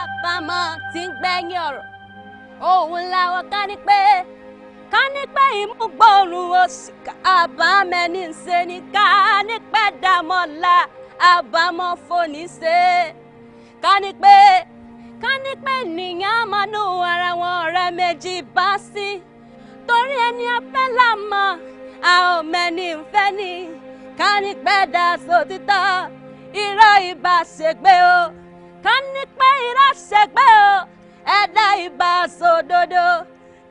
kábàámọ̀ tí ń gbẹ̀yìn ọ̀rọ̀ òun làwọn ká ní pé ká ní pé ìmúgbòòrùn oṣù kábàámẹ́ni ń ṣe ni ká ní pé dàmọ́lá àbámọ́ fòní ṣe ká ní pé ká ní pé nìyẹn á ara wọn ọ̀rẹ́ méjì bá sí torí ẹni afẹ́ là mọ̀ a ò mẹ́ni ń fẹ́ ni ká ní pé dà sótítọ́ irọ́ ìbá ṣègbè o ká ní pé irọ́ ṣẹgbẹ́ o ẹ̀dá ìbá sòdodo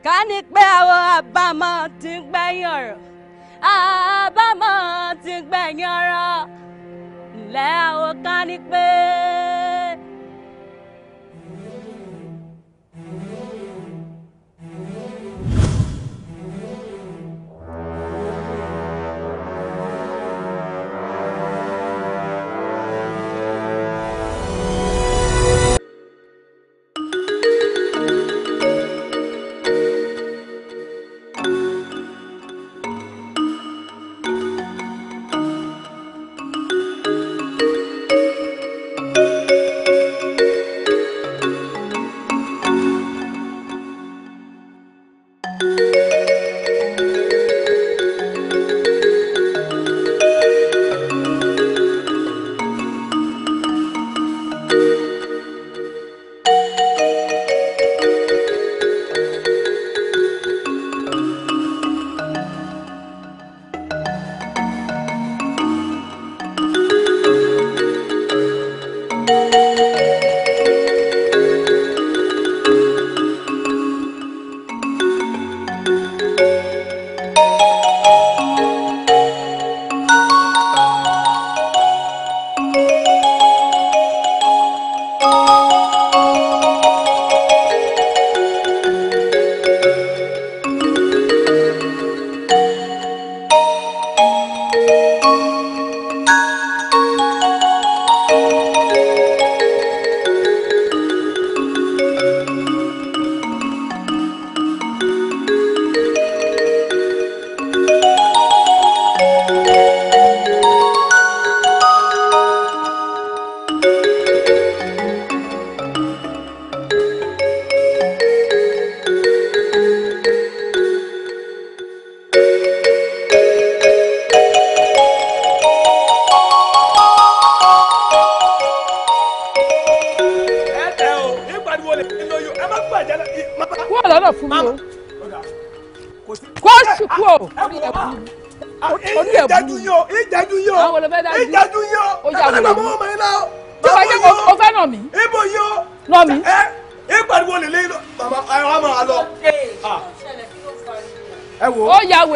ká ní pé àwọn àbámọ̀ ti gbẹ̀yìn ọ̀rọ̀ àbámọ̀ ti gbẹ̀yìn ọ̀rọ̀ lẹ́ àwọn ká ní pé.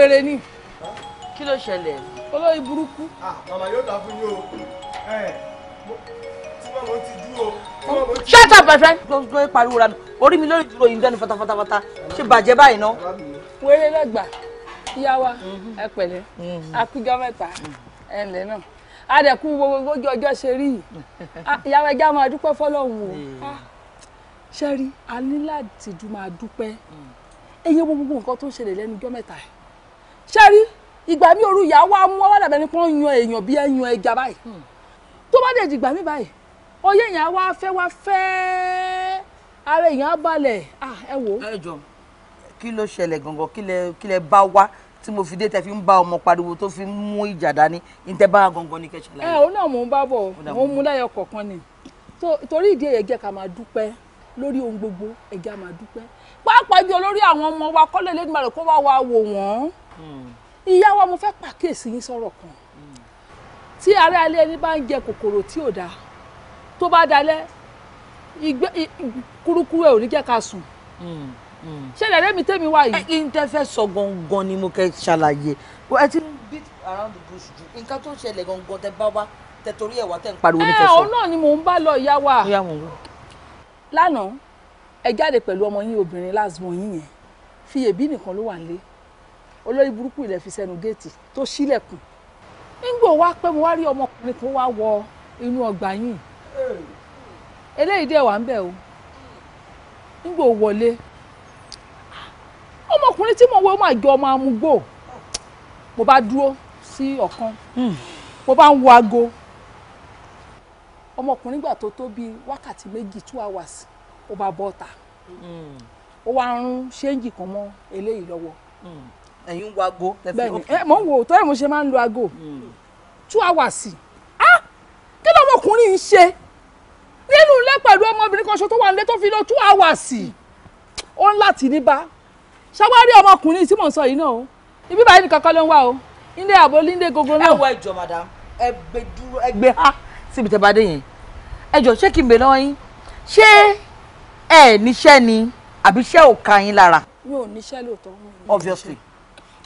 wèrè ni. kí ló ṣẹlẹ̀. olórí burúkú. Ah, màmá yóò dà fún yín o tí màmá ti dúró. shut up my friend. gbogbo ẹ pariwo ra mi orí mi lórí dúró yìí dání fatafata ṣe bàjẹ́ báyìí ná. wèrè lọ́gbà ìyá mhm. ẹ pẹ̀lẹ́ àkújọ mhm. mẹ́ta ẹ̀ ǹlẹ́ náà adẹ̀kú gbogbo ọjọ́ ṣe rí yìí ìyàwó ẹja máa dúpẹ́ fọlọ́run o ah. ṣe rí a ní láti dùn máa dúpẹ́ eye gbogbo nǹkan tó ń ṣẹlẹ̀ lẹ́nu ọjọ́ mẹ́ta ẹ̀ ṣé rí ìgbà mi òru ìyá wa mú ọwọ́ dàbẹ́ ni kò ń yan èèyàn bí ẹ̀yàn ẹja báyìí hmm. tó bá dẹ̀ dìgbà mi báyìí oyè yẹn wá fẹ́ wá fẹ́ ara èèyàn á balẹ̀ ẹ wò. ẹ jọ kí ló ṣẹlẹ̀ gangan kí lẹ bá wá tí mo fi dé tẹ fi ń bá ọmọ pariwo tó fi ń mú ìjà dání ní tẹ bá gangan ní kẹsàn-án. ẹ òun náà mò ń bá bọ̀ mò ń mú láyọ̀ kọ̀ọ̀kan ni torí ìdí èyẹ jẹ́ ká máa dúpẹ́ lórí ohun gbogbo ẹ̀jẹ̀ á máa dúpẹ́ pàápàá jù olórí àwọn ọmọ wa kọ́lé lẹ́nu màrè kó wá wa wò wọ́n ìyá wa mo fẹ́ pàkíyèsí yín sọ̀rọ̀ kan tí ará ilé ẹni bá ń jẹ kòkòrò tí ò dáa tó bá dalẹ̀ ìgbẹ́ kúrúkúrú ẹ̀ ò ní jẹ́ ká sùn ṣé lẹ́rẹ́ mi tẹ́mi wá yìí. kí n tẹ́ fẹ́ sọ gangan ni mo kẹ́ ṣàlàyé ẹ ti ń beat around the bush ju nǹkan tó ṣẹlẹ̀ gangan tẹ bá wá tẹ torí ẹ̀ wá tẹ̀ ń pariwo ní kẹsàn-án. ẹ ọ̀hún náà ni mò ń bá lọ ìyá wa lánàá ẹ jáde pẹ̀lú ọmọ yín obìnrin lásìmọ̀ yín yẹn fiyèbí nìkan ló wà nílé olórí burúkú ilẹ̀ fi sẹ́nu géètì tó ṣílẹ̀kùn nígbò wá pé mo wá rí ọmọkùnrin tó wá wọ inú ọgbà yìí eléyìí dẹ̀ wà ń bẹ̀ o nígbò wọlé ọmọkùnrin tí mo wọ ọmọ àjọ ọmọ amúgbò mo bá dúró sí ọ̀kan hmm. mo bá ń wo aago ọmọkùnrin gbà tó tó bíi wákàtí méjì two hours ó bá bọ́ ta hmm. ó wá ń rún ṣéǹjì kan mọ́ eléyìí lọ́wọ́. Hmm ẹ̀yin ń wo aago. bẹ́ẹ̀ni ẹ mò ń wo òótọ́ ẹ̀ mo ṣe máa ń lo aago hmm. two hours ah kí lọ́mọkùnrin ń ṣe nínú ilé pẹ̀lú ọmọbìnrin kan ṣo tó wà nílé tó fi lọ two hours ó ń láti ní bá ṣàwárí ọmọkùnrin tí mò ń sọ yìí náà o ibi báyìí nìkan kọ́ ló ń wá o ilé àbò líndé gogo náà. ẹ wọ ẹjọ madam ẹgbẹ dúró ẹgbẹ ha ah! síbi tẹ bá dé yẹn ẹjọ ṣé kí n bẹ lọ́wọ́ yín ṣé ẹ níṣẹ́ ni àbí ṣé ò ka yín lára. mi ò níṣẹ́ lóòótọ́. obviously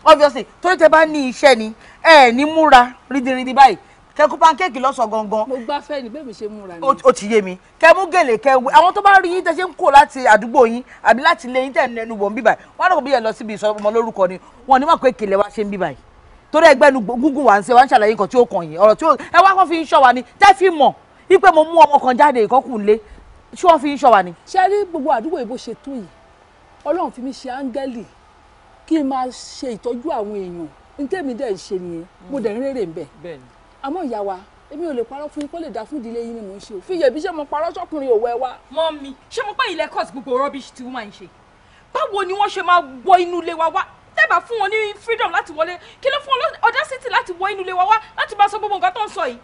obviously torí tẹ bá ní iṣẹ́ ni ẹ ní múra rídìrídì báyìí kẹkú pancake lọ́sọ̀ gangan. mo gbá fẹ́ ni bẹ́ẹ̀ mi ṣe múra ni. o ti yé mi kẹ mú gèlè kẹ wẹ àwọn tó bá rí yín tẹ ṣe ń kó láti àdúgbò yín àbí láti ilé yín tẹ̀ nẹnu wọ̀ ń bíbà wọn á dọ̀kọ̀ bí yẹn lọ síbi ìsọmọ lórúkọ ni wọn ní wọn pé kèlè wa ṣe ń bíbà yìí torí ẹgbẹ́ nu gúngùn wà ń ṣe wà ń ṣàlàyé nǹkan tí ó kàn yín ọ̀rọ̀ tí ó ẹ wá kó fi ń ṣọ́ wa ni tẹ́ fi mọ̀ wípé mo mú ọmọ kan jáde ìkọ́kùnlé ṣé wọ́n fi ń ṣọ́ wa ni. ṣe rí gbogbo àdúgbò ìbò ṣe tó yìí ọlọ́run fi mí ṣe áńgẹ́lì kí n máa ṣe ìtọ́jú àwọn èèyàn n tẹ́mi dẹ̀ ṣe nìyẹn mo dẹ̀ ń rere ń bẹ̀ àmọ́ ìyá wa èmi ò lè parọ́ fún yín kó lè dá fún ìdílé yín ni mò ń ṣe o fìyè bí ṣé mo parọ́ sọkùnrin òwẹ́ wa. mọ́mì ṣé mo pé ilẹ̀ court gbogbo rubbish tí wọ́n máa ń ṣe báwo ni wọ́n ṣe máa wọ inú ilé wa wá tẹ́bà fún wọn ní freedom láti wọlé kí ló fún wọn audacity láti wọ inú ilé wa wá láti bá sọ gbogbo nǹkan tó ń sọ yìí.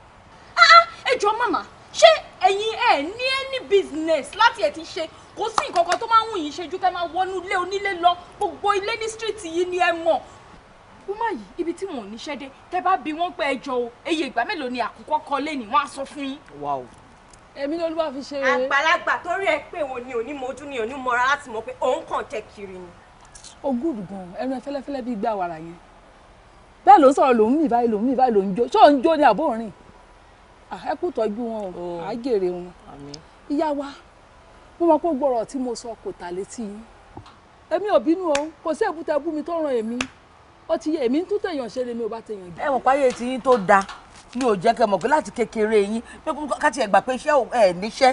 Ah, ah, ẹ jọ̀ọ́ màmá ṣé ẹ̀yin ẹ̀ ní any business láti ẹ̀ ti ṣe kò sí nǹkan tó máa ń wù yín ṣe ju kẹ́ máa wọnú ilé onílé lọ gbogbo ilé ní stíríìtì yìí ni ẹ mọ̀ wúmọ̀ yìí ibi tí wọn ò ní ṣẹ́dé tẹ́ bá bí wọ́n pẹ́ ẹjọ́ o eye ìgbà mélòó ni àkókò kọ lẹ́nìí wọ́n á sọ fún yín. èmi ló lúwa fi ṣe. àgbàlagbà torí ẹ pé òun ni òní mojú ni òní mọra láti mọ pé òun kàn jẹ kiri ni. o gúùdù gan ẹnu fẹlẹfẹlẹ bíi gbà wàrà yẹn bẹ́ẹ̀ ló ń sọ̀rọ̀ lòún mì báyìí lòún mì báyìí lòún jó ṣó ń jó ni àbó rìn ẹ wọn o oh. àá jèrè wọn ìyá wa mo mọ̀ pé gbọ́rọ̀ tí mo sọ kò tà létí yín èmi ò bínú o kò sí èbúté bú mi tó ràn èmi ó ti yẹ èmi ń tún tèèyàn ṣe lèmi ò bá tèèyàn gbé. ẹ mọ̀ páyé tí yín tó da ni ò jẹ́ kẹ́ mọ̀ pé láti kékeré yín pé ká tiẹ̀ gbà pé iṣẹ́ ẹ̀ níṣẹ́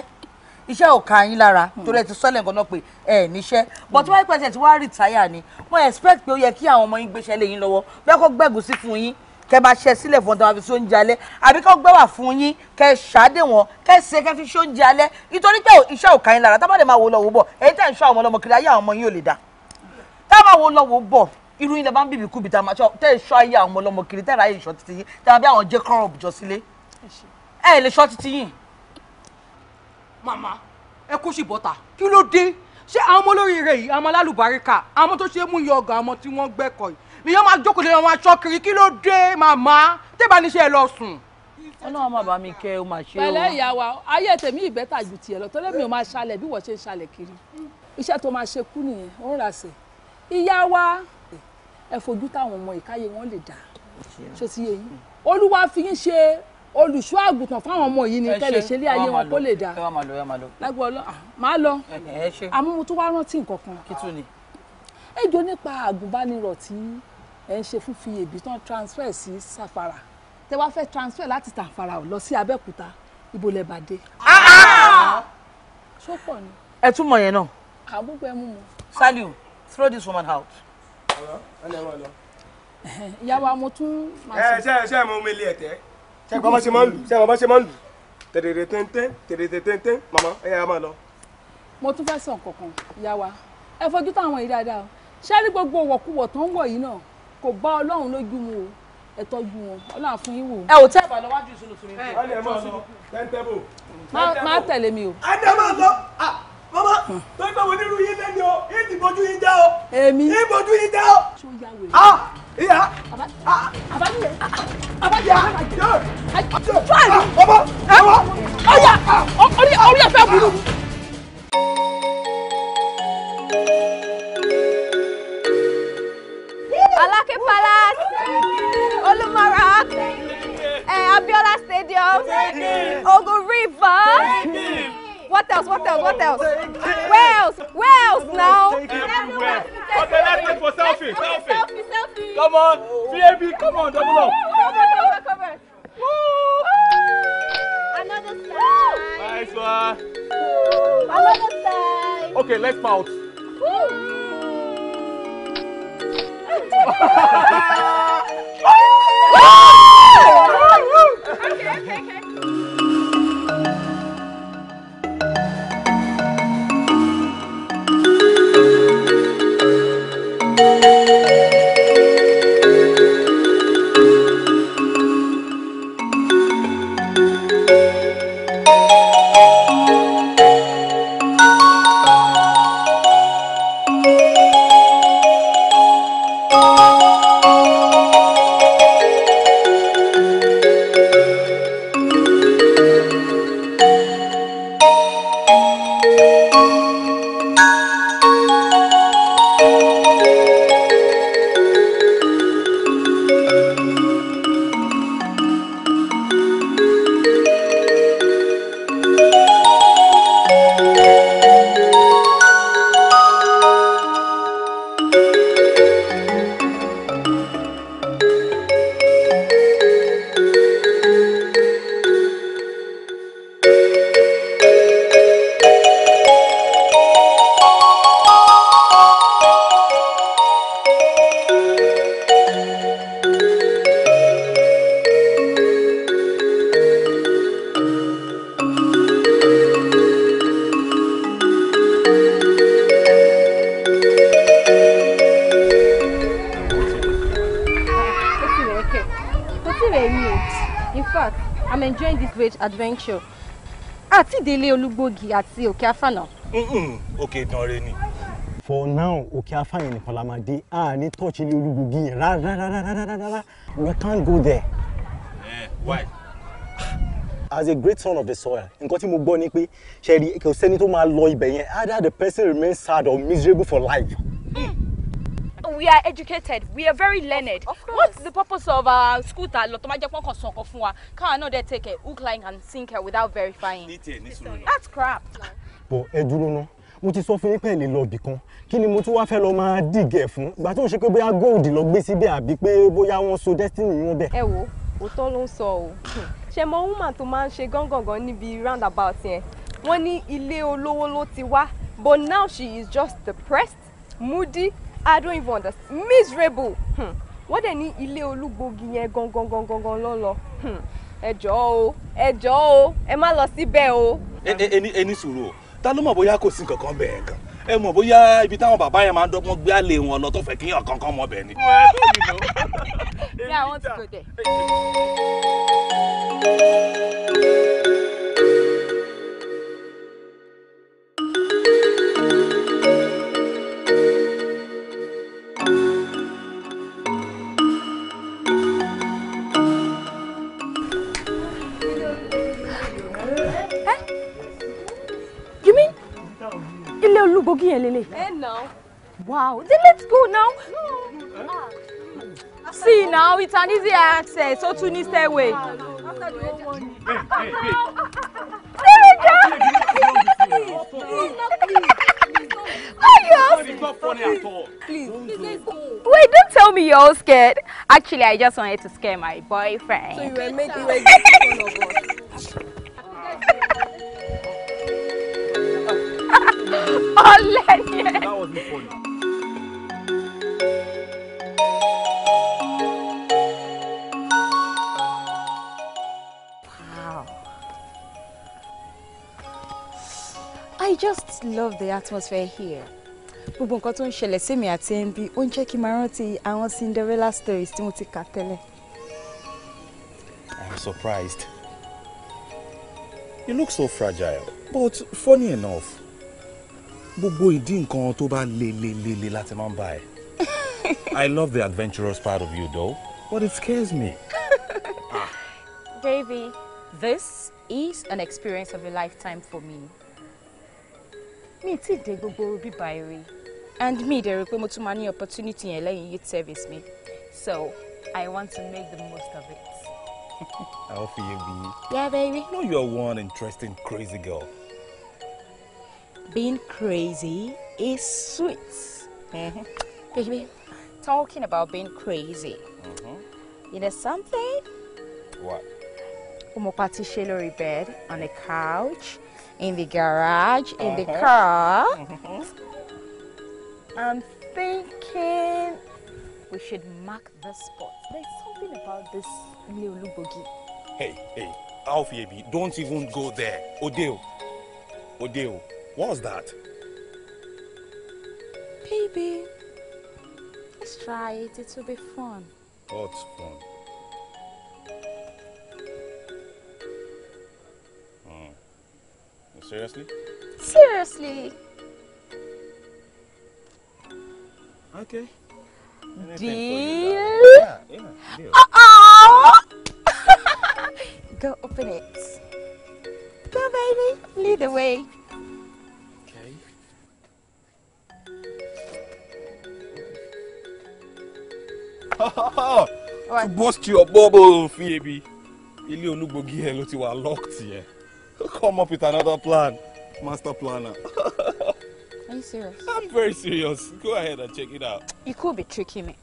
iṣẹ́ ò ka yín lára hmm. torí ẹ ti sọ́lẹ̀ nǹkan náà pé ẹ níṣẹ́ but wọ́n pẹ̀sẹ̀ tí wọ́n á rìtáyà ni wọ́n expect pé ó yẹ kí àwọn ọmọ yín gbéṣẹ́ lé yín lọ́wọ́ bẹ́ẹ̀ kó gbẹ̀gùn sí fún yín kẹ máa ṣe sílẹ̀ fún ọ̀tọ̀ àfi sóúnjẹ alẹ́ àbí kọ́ gbé wà fún yín kẹ ṣàdé wọn kẹ ṣe kẹ fi sóúnjẹ alẹ́ nítorí pé iṣẹ́ ò kàn yín lára tábàdé máa wò lọ wò bọ̀ èyí tẹ̀ ń ṣọ́ àwọn ọmọlọmọ kiri ayé àwọn ọmọ yín ò lè dá tábà wò lọ wò bọ̀ irú yín lè bá ń bìbì kúbi tàmá tẹ̀ ń ṣọ́ ayé àwọn ọmọlọmọ kiri tẹ̀ ráyè ìṣọ́ títí yín tàbá bí àwọn jẹ́ kọ́rọ̀bù jọ sílé ẹ lè ṣọ́ títí yín. màmá ẹ kó sì bọ́ta kí ló dé ṣé àwọn ọmọ olóríire yìí àwọn alálùbáríkà àwọn tó ṣe é mú yọ ọgàn àwọn tí wọ́n gbẹ́kọ̀ọ́ yìí nìyẹn máa jókòó lẹ́yìn àwọn aṣọ kiri kí ló dé màmá tẹ́bà níṣẹ́ ẹ lọ sùn. ọlọ́run má bàa mi kẹ́ ọ máa ṣe o. pẹ̀lẹ́ ìyá wa ayé tèmi ìbẹ́ta ju tiẹ̀ lọ tọ́lẹ́ mi ò máa ṣalẹ̀ bí wọ́n ṣe ń ṣalẹ̀ kiri iṣẹ́ tó máa ṣe kú nìyẹn ó ń rasẹ̀ ìyá wa ẹ fojú táwọn ọmọ ìkáyé wọn lè dà ṣó ti yé yín olúwa fi yín ṣe olùṣọ́ àgùntàn fáwọn ọmọ yìí ni kẹ́lẹ̀ ṣe lé ayé wọn kó lè dà lágbó ọlọ́ máa àmọ́ mo tún wá rántí nǹkan kan ejò nípa àgùnbánirọ̀ tí ẹ̀ ń ṣe fún Fìyèbí tán transfer sí Sàfàrà tẹ wá fẹ́ transfer láti Sàfàrà lọ sí Abẹ́òkúta ibo lẹ ṣó pọ̀ ni. ẹ tún mọ̀ yẹn náà. àbúgbò mú mọ. Saliu throw this woman out. ìyàwó amó tún. ẹ ṣe ṣe mo mele ẹ tẹ ṣe bàbá ṣe máa ń lù ṣe bàbá ṣe máa ń lù tẹ̀rẹ̀rẹ̀ tẹ́ntẹ́n tẹ̀rẹ̀rẹ̀ tẹ́ntẹ́n màmá ẹ yà máa lọ. mo tún fẹ́ sàn kankan ìyá wa ẹ fojú táwọn yìí dáadáa ṣé rí gbogbo wọ̀kúwọ̀ tó ń wọ̀ yìí náà kò bá ọlọ́run lójú mu o ẹ tọ́jú wọn ọlọ́run fún yín wò. ẹ ò tẹ́ ìbàlọ́wájú ìṣòro tẹ̀lé mi o. adama gbọ́ ah, mama tó ń gbàgbọ́ nínú yín lẹ́nu o yín ti bójú yín já o. èmi yín bójú yín já o. ṣé o yà wèrè. a ah, ìyá. àbájáde àbájáde àbájáde. ọmọ ọmọ. ọyà orí ọfẹ burú. Adeleke Palace, Olumorak, uh, Abiola Stadium, Ogun River. What else? What else? What else? Where else? Where else now? Everywhere. Okay, let's take for selfie. Selfie. Selfie. Selfie. Come on, VAB. Come on, double up. Woo! Another side. Nice one. Another side. Okay, let's mount. Oh! I'm enjoying this great adventure. Àti ìdílé Olúgbògi àti Òkè Afá Mm mm. ìtàn rẹ ni. For now, Òkè Afá yẹn nìkan la máa dé. A ní tọ́ọ̀chì ilé Olúgbògi yẹn rárá. We can't go there. Eh, why? as a great son of the soil nǹkan tí mo gbọ́ ni pé ṣe rí kò sẹ́ni tó máa lọ ibẹ̀ yẹn either the person remains sad or miserable for life we are educated we are very learned of, of what's the purpose of uh, school ta lọ tó máa jẹ́ pọ́n kan sọ̀kan fún wa káwọn náà dẹ̀ take a hook line and her without verifying that's crap. bọ̀ ẹ dúró ná mo ti sọ fún yín pé ẹ lè lọ ibì kan kí ni mo tún wá fẹ́ lọ máa dìgẹ̀ fún ìgbà tó ń ṣe pé bóyá gold lọ gbé síbẹ̀ àbí pé bóyá wọ́n so destiny wọn bẹ̀. ẹ wo òótọ́ ló ń sọ o ṣe mọ woman tó máa ń ṣe gángangan níbi roundabout yẹn wọ́n ní ilé olówó ló ti wá but now she is just depressed moody I don't even understand miserable hmm. wọ́n dẹ̀ ní ilé olúgbòógì yẹn gangan gangan gangan ló lọ hmm. ẹ jọ̀ọ́ o ẹ jọ̀ọ́ o ẹ má lọ síbẹ̀ o. ẹni ẹni sùúrù o ta ló mọ̀ bóyá kò sí nǹkan kan bẹ́ẹ̀ gan ẹ mọ̀ bóyá ibi táwọn bàbá yẹn máa ń dọ́gbọ́n gbé àlè wọn lọ tó fẹ́ kí ọ̀kan kan mọ̀ bẹ́ẹ̀ ni. Yeah, I want to irú gbòógì yẹn lélẹ̀. ẹ nà. wow then let's go now. see now it's an easy access So tún this stairway. Sirija! Why you Wait, don't tell me you're all scared. Actually, I just wanted to scare my boyfriend. So you were making you were making fun of us. wasn't funny. Wow. I just love the atmosphere here. Gbogbo nǹkan tó ń ṣẹlẹ̀ sí mi àti ẹ̀ńbí ó ń jẹ́ kí n máa rántí àwọn Cinderella stories tí mo ti kà tẹ́lẹ̀. I'm surprised. You look so fragile, but funny enough, gbogbo ìdí nǹkan tó bá le le le le láti máa ń bá ẹ. I love the adventurous part of you though but it scares me. Davy, ah. this is an experience of a lifetime for me. Mi ti dé gbogbo bíbá eré and mi dẹ̀ rò pé mo tún máa ní opportunity yẹn lẹ́yìn youth service mi so I want to make the most of it. I'll feel you. Yeah, baby. You know you're one interesting crazy girl. being crazy is sweet. Baby, talking about being crazy. Mm-hmm. You know something? What? party ṣe lórí bed, on a couch, in the garage, in uh-huh. the car. Uh-huh. I'm thinking we should mark the spot. There's something about this Leolu Bogi. Hey, hey, Alfie, don't even go there. Odeo. Odeo was that? Baby, let's try it. It will be fun. What's fun? Oh. Seriously? Seriously. Okay. Deal? Yeah, yeah, deal. Uh oh! Go open it. Go, baby. Lead the way. to burst your bubble Phoebe ilé olúgbògi ẹ ló ti wà locked yẹn come up with another plan master planner. Are you serious? I'm very serious. Go ahead and check it out. You could be tricking me.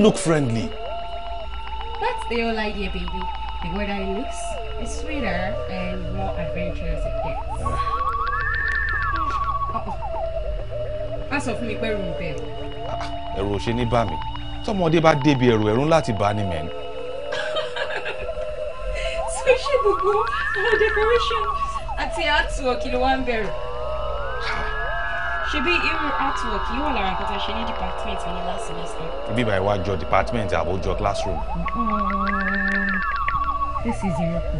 look friendly. That's the whole idea, baby. The way that it looks, is sweeter and more adventurous it gets. Má sọ fún mi pé ẹrù ń bẹ̀ o. Ẹ̀rù ò ṣe ní bá mi. Tọ́mọdé bá débi ẹ̀rù ẹ̀rù ńlá ti bá ní mẹ́rin. Ṣé ṣe gbogbo àwọn decoration àti artwork ló wá ń bẹ̀rù? ṣebí irú artwork yìí wà lára nǹkan tá a ṣe ní department ní last semester. ibi ìbàyẹ̀ wá jọ department àbójọ classroom. Mm, this is your iroko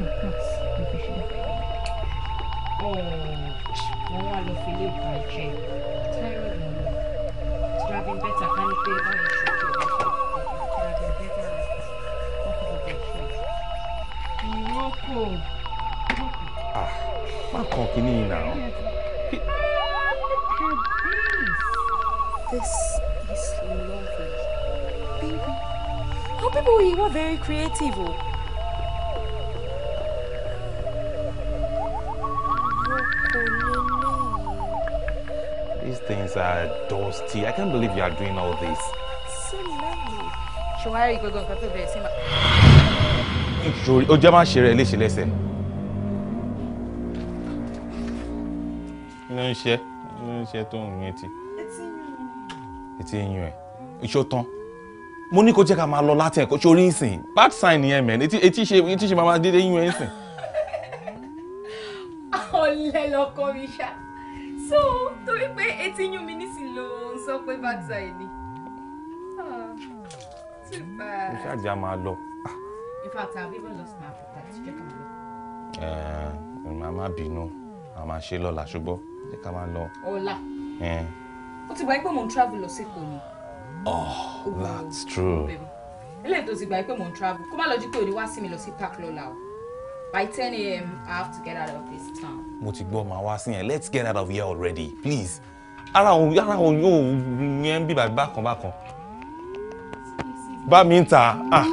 na class ló fi ṣe bẹ́ẹ̀. wọ́n wá mm, Ah, my cocky now. This is lovely. Baby, how people you are very creative. Oh. These things are dusty. I can't believe you are doing all this. So lovely. Ṣùwárí gbogbo nǹkan tó bẹ̀rẹ̀ sí ma. Ìṣòro ojú ẹ máa ń ṣe rẹ̀ léṣe lẹ́sẹ̀. Kí ló ń ṣe? ètí eyín ẹ̀ iṣẹ́ ó tán mo ní kó jẹ́ ká máa lọ látẹ̀ kó ṣorí ìsìn bad sign yẹn mẹ́ etí ṣe etí ṣe máa dédé yín ẹ̀ ń sìn. ọ̀lẹ lọkọ mi ṣá so torí pé etí yún mi nísìnyí ló ń sọ pé bad sign ni. Ah, mo ṣáàjì á máa lọ. in fact i have even lost my appetite jẹ́ ká máa ẹ ẹ eh, màá má bínú a máa ṣe lọ́la ṣùgbọ́n jẹ́ ká máa lọ. ọ̀la. Eh ó ti gbà pé mò ń travel lọ sí ni. oh that's true. eléyìí tó ti gbà pé mò ń travel kó má lọ jí pé òní wá sí mi lọ sí park lọ́la o by ten a.m. I have to get out of this town. mo ti gbọ́ màá wá sí yẹn let's get out of here already please ara òun ara òun yóò yẹn bí bàbá bá mi ń ta ah.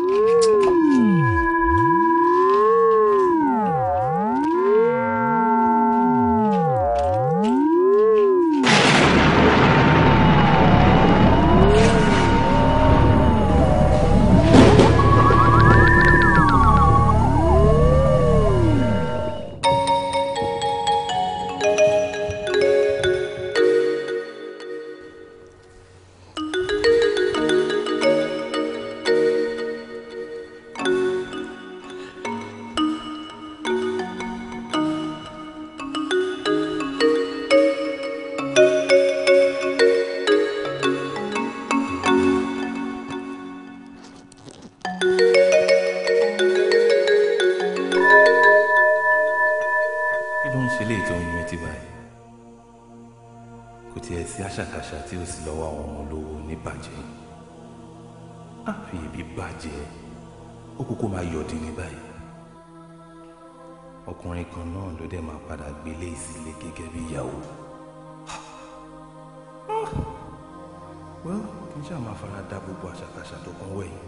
well kì í ṣáà máa fara da gbogbo àṣàkáṣà tó kàn wẹ̀yìn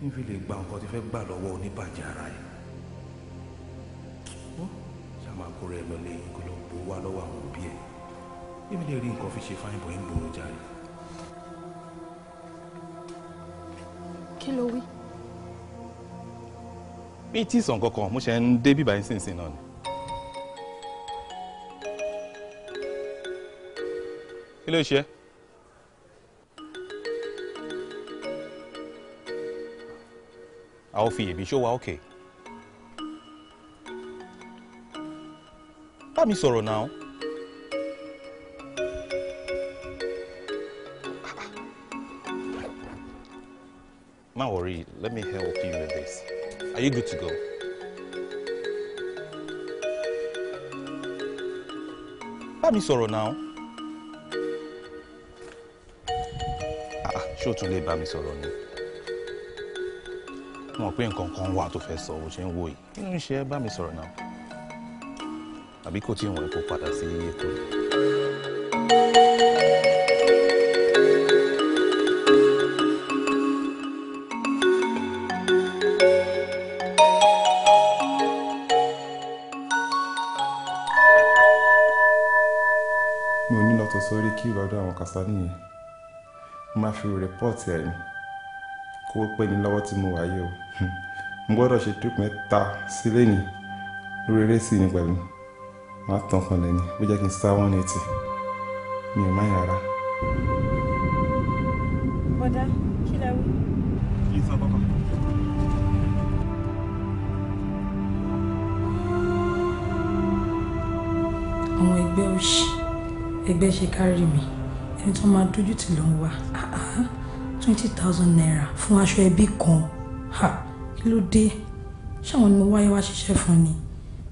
kí n fi lè gba nǹkan tí fẹ́ gbà lọ́wọ́ oníbàjẹ́ ara ẹ̀ wọ́n ṣáà máa kó rẹ̀ lọlé kó lọ bó wá lọ́wọ́ àwọn òbí ẹ̀ èmi lè rí nǹkan fi ṣe fáyín bọ̀ ẹ̀ ń gbòòrò járe. kí ló wí. mi tí sàn kankan mo ṣe ń dé bíbá yín sínsìn náà ni. kí ló ṣe é. a ó fi èmi okay. wa òkè. bá mi sọ̀rọ̀ worry let me help you with this are you good to go. bá mi sọ̀rọ̀ náà. Ah, ah, ṣé o tún lè bá mi sọ̀rọ̀ ni mo mọ̀ pé nǹkan kan wà tó fẹ́ sọ bó ṣe ń wò yìí kí ló ń ṣe ẹ bá mi sọ̀rọ̀ náà àbí kò tí ì wọ̀n ẹ̀ kó padà sí ètò yìí. sórí kí lọ́dọ̀ àwọn kàṣá nìyẹn mo fi rìpọ́ọ̀tì ẹ̀ ní kó pẹ́ ní lọ́wọ́ tí mo wáyé o. Hmm. mo gbọ́dọ̀ ṣe trip mẹ́ta sílé ní lórí eré sí ni pẹ̀lú màá tàn kan lẹ́ni bó jẹ́ kí n sá one eighty mi ò má yàrá. bọ́dá kí lẹ wí. kì í san kankan. àwọn ẹgbẹ́ òṣì ẹgbẹ́ ṣe kárí mi ẹni tó máa dójú tì ló ń wá ah, ah, twenty thousand naira fún aṣọ ẹbí kan. Ha kí ló dé ṣáwọn ni mo wáyé wá ṣiṣẹ́ fún ni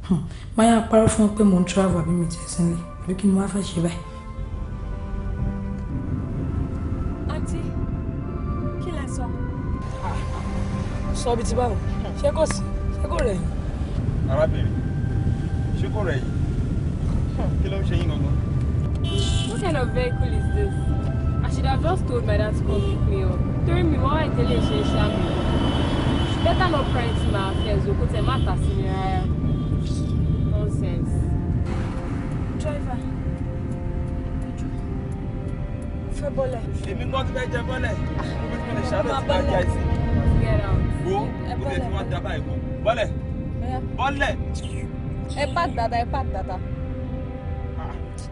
hmm, máa yá parọ́ fún wọn pé mò ń travel àbí mi tiẹ̀ sílẹ̀ àbí kí ni mo wá fẹ́ ṣe báyìí. àǹtí kí lẹ sọ. Ah, sọ ibi tí báwo ṣé kò sí ṣé kò rẹ̀ arábìnrin ṣé kò rẹ̀ kí ló ń ṣe yín gangan. What kind of vehicle is this? I should have just told my dad to come pick me up. Torí mi wọ́n wá ìtẹ́lẹ̀ ṣe ṣáà mi better not prank my affairs You kò tẹ̀ má senior nonsense. driver ìjọ fẹ́ bọ́lẹ̀. èmi gbọ́ tó fẹ́ jẹ bọ́lẹ̀ mo fi tún lè ṣàlẹ̀ tí wọ́n jẹ́ àìsí. wo kò tẹ̀ Bolle. wọ́n dábàá ẹ̀kọ́ dada ẹ pa dada.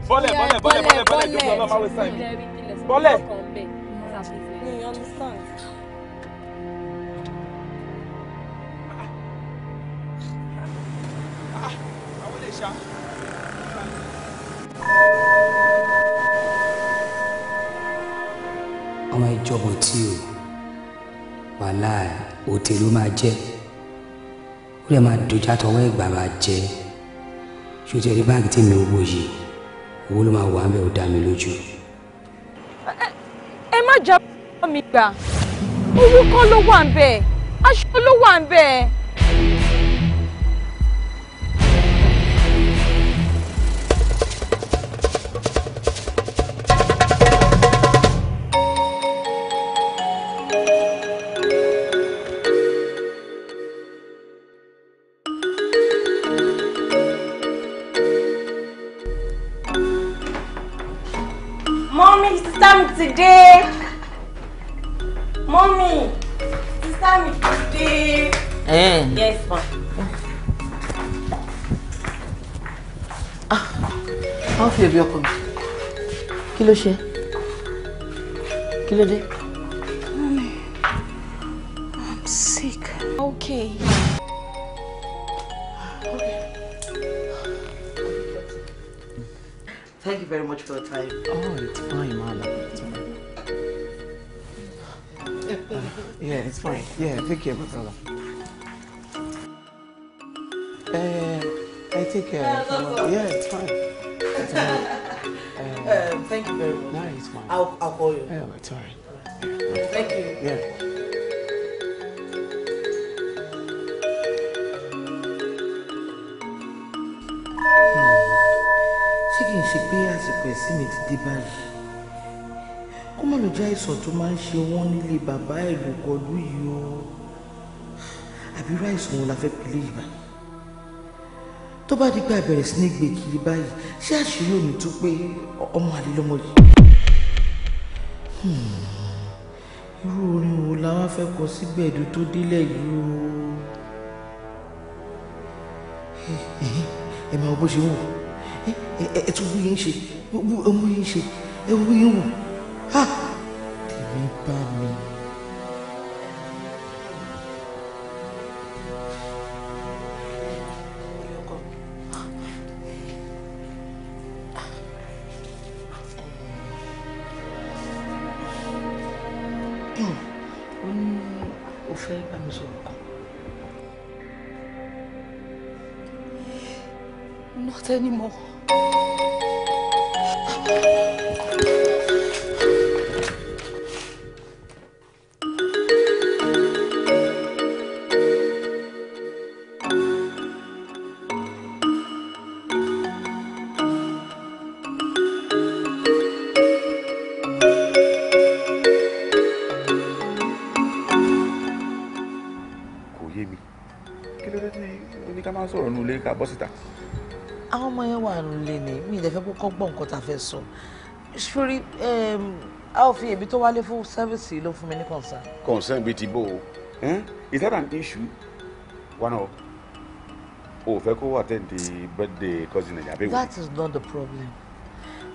bọ́lẹ̀ bọ́lẹ̀ bọ́lẹ̀ bọ́lẹ̀ bọ́lẹ̀ jókòó òtè ló máa jẹ́ ó lè máa dojú àtọwọ́ ẹ̀gbà máa jẹ́ ṣòtì ẹ̀rí báàgì tí mi ń wò yìí owó ló máa wà ń bẹ̀ ó dá mi lójú. ẹ má jà bọ́ mi gbà owó kọ́ ló wà ń bẹ̀ aṣọ ló wà ń bẹ̀. kí ló ṣe kí ló dé. Okay. Thank you very much for the time. Oh, it's fine, Mala. It's fine. Uh, yeah, it's fine. Yeah, take care, my brother. Uh, I take care. Yeah, it's fine. It's fine. Uh, thank you very much. No, it's fine. I'll, I'll call you. Yeah, it's all right. thank you. Yeah. ṣé kì í ṣe pé àsìkò ẹ̀sìn mi ti dé báyìí kó má lọ jẹ́ àìsàn tó máa ń ṣe wọ́n nílé bàbá ẹ̀ ló yìí o àbí irú àìsàn wo la fẹ́ pèlè yìí báyìí tó bá di pé àbẹ̀rẹ̀ sí ní gbé kiri báyìí ṣé àṣírí òní tó pé ọmọ àlè lọmọ yìí. Hmm. irú orin wo la wá fẹ́ kọ sí gbẹ̀dú tó délẹ̀ yìí o. ẹ máa bó ṣe wò ẹ tún bí yín ṣe ẹ wú yín ṣe ẹ wú yín wò. fẹ́ sọ sori a ò fi èmi tó wálé fún sẹ́fíìsì ló fún mi ní concern. concern bíi ti bò ó is that an issue one of o fẹ́ kó wà tẹ́ǹtì birthday cousin ẹ̀yà bẹ́ẹ̀ wò. that is not the problem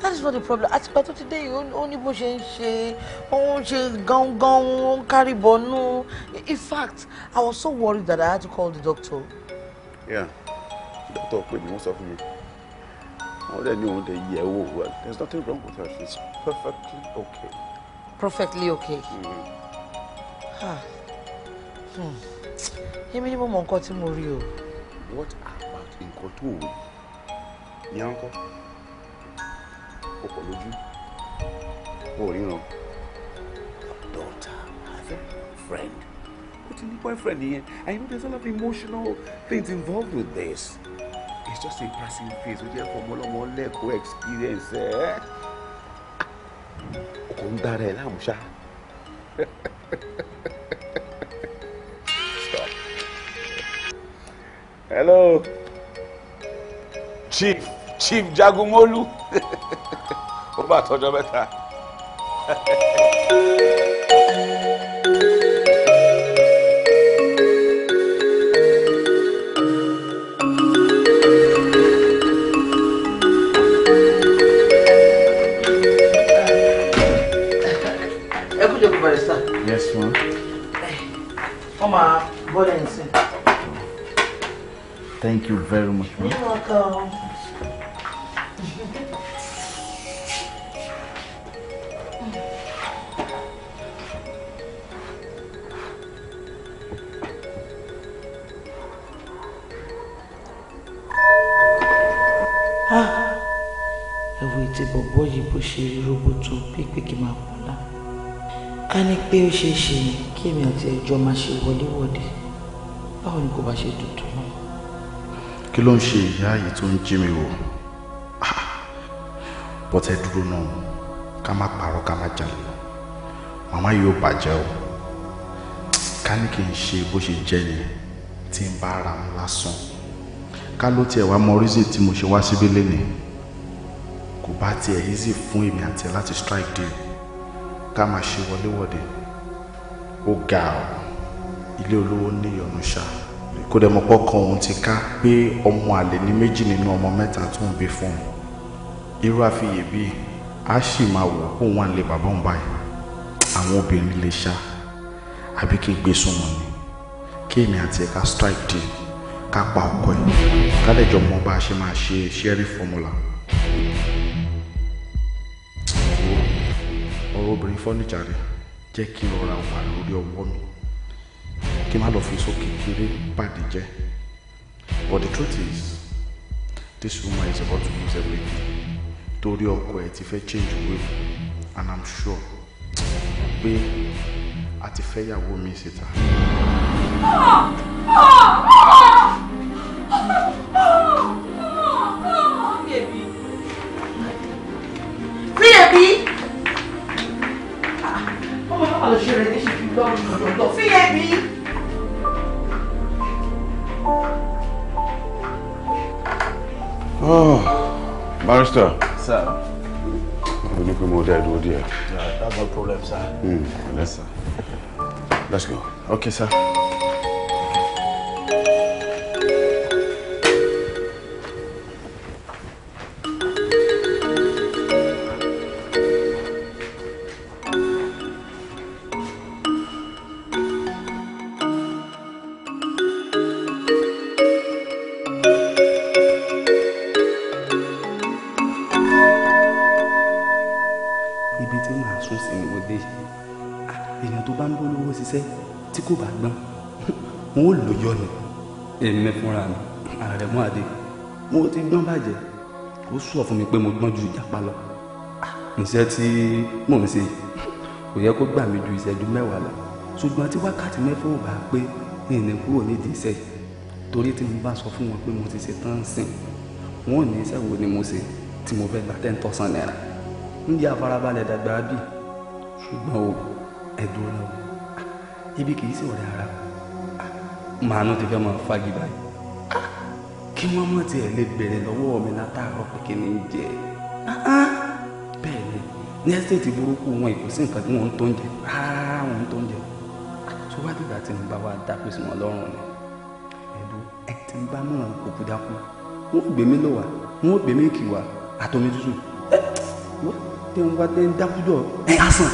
that is not the problem àti pàtó ti dé yìí ó ní bó ṣe ń ṣe ó ń ṣe gangan ń kárí bọnú in fact i was so worried that i had to call the doctor. yeah doctor pè mí wọ́n sọ fún mi wọ́n dẹ̀ ní òun dẹ̀ well there nothing wrong with her she perfectly okay. perfectly okay. Mm-hmm. Hmm. èmi ni mo mọ nǹkan tí mo rí o. what about nǹkan tó o rí ìyá ń kọ́ o pọ̀ lójú o daughter has a friend o ti ní boyfriend here? i know there's a lot of emotional things involved with this it's just a passing phase ó jẹ́ fọmọlọ́mọ lẹ́kọ̀ọ́ experience ẹ̀ eh? ọkọ̀ ń dára ẹ̀ láàmú hello chief chief jagunmolu ó bá tọjọ mẹ́ta. wọ́n máa bọ́lẹ̀ ń sìn. Thank you very much. Ma. You're welcome. Ah, tí bọ̀bọ̀ yìí bó ṣe rí roboto pípé kí máa kú lá. a ní pé ó ṣeé ṣe yẹn kí èmi àti ẹjọ́ máa ṣe wọléwọ̀de báwo ni kò bá ṣe dùdù náà. kí ló ń ṣe ìyá yìí tó ń jí mi wò ah, bọ́tẹ́ dúró náà ká má parọ́ ká má jalè lọ màmá yóò bàjẹ́ o ká ní kí n ṣe bó ṣe jẹ́ ni tí ń bá ara lásán ká ló tiẹ̀ wá mọ rízì tí mo ṣe wá síbí lénìí kò bá tiẹ̀ easy fún èmi àti ẹ láti strike deal ká máa ṣe wọléwọ̀de ó ga ọ ilé olówó níyọnu ṣá kó dẹ̀ mọ́ pọ́kàn òun ti ká pé ọmọ àlè ní méjì nínú ọmọ mẹ́ta tó ń bí fún un irú àfiyèbí a sì máa wò ó wà lè bàbá òun báyìí àwọn obìnrin lè ṣá àbí kí gbé súnmọ́ ni kí èmi àti ẹ̀ka strike deal ká pa ọkọ ẹ̀ ká lè jọ mọ bá a ṣe máa ṣe ṣẹ́rí fọmúlà. obìnrin fọ́nìjà rẹ̀ jẹ́ kí ọ̀rá wà lórí ọwọ́ mi kí n má lọ fi sọ kékeré pàdé jẹ́ but the truth is this woman is about to lose everything torí ọkọ ẹ ti fẹ́ change way and i'm sure pé a ti fẹ́ yàwó mi síta. Oh! Oh! Oh! lọ sí ẹbí. barrister. sir. mo ní pé mo dá ẹ̀dùn díẹ̀. that's no problem sir. Mm. Yes, sir. let's go. okay sir. èmi fúnra mi àrẹ̀mú àdé mo ti gbọ́n bàjẹ́ ó sọ fún mi pé mo gbọ́n ju ìjàpá lọ iṣẹ́ tí mò ń ṣe kò yẹ kó gbà mí ju ìṣẹ́jú mẹ́wàá lọ ṣùgbọ́n tí wákàtí mẹ́fà bá pé ìní kúrò nídìí iṣẹ́ torí tí mo bá sọ fún wọn pé mo ti ṣe tán sìn wọn ò ní iṣẹ́ wo ni mo ṣe tí mo fẹ́ gba ten thousand naira ń yá farabalẹ̀ dàgbà bí ṣùgbọ́n o ẹ̀dùn ọ̀nà ibi kì í ṣe ọ̀rẹ́ ara o màánú ti fẹ́ máa fagi báyìí kí wọ́n mọ̀ tiẹ̀ lè bèrè lọ́wọ́ mi látàárọ̀ pé kí ni jẹ́ bẹ́ẹ̀ ni ní ẹ́sítéètì burúkú wọn kò sí nǹkan tí wọ́n ń tó ń jẹ rárá wọn ń tó ń jẹ tó bá dìgbà tí mo bá wá dá pé sí wọn lọ́rùn ni ẹ̀dù ẹ̀ tí ń bá mọ̀ràn kò kú dákú wọn gbé mi lọ wá gbé mi kì wá àtọ́mi tútù wọ́n tẹ́ ń wá tẹ́ ń dákújọ ẹ̀ á sàn.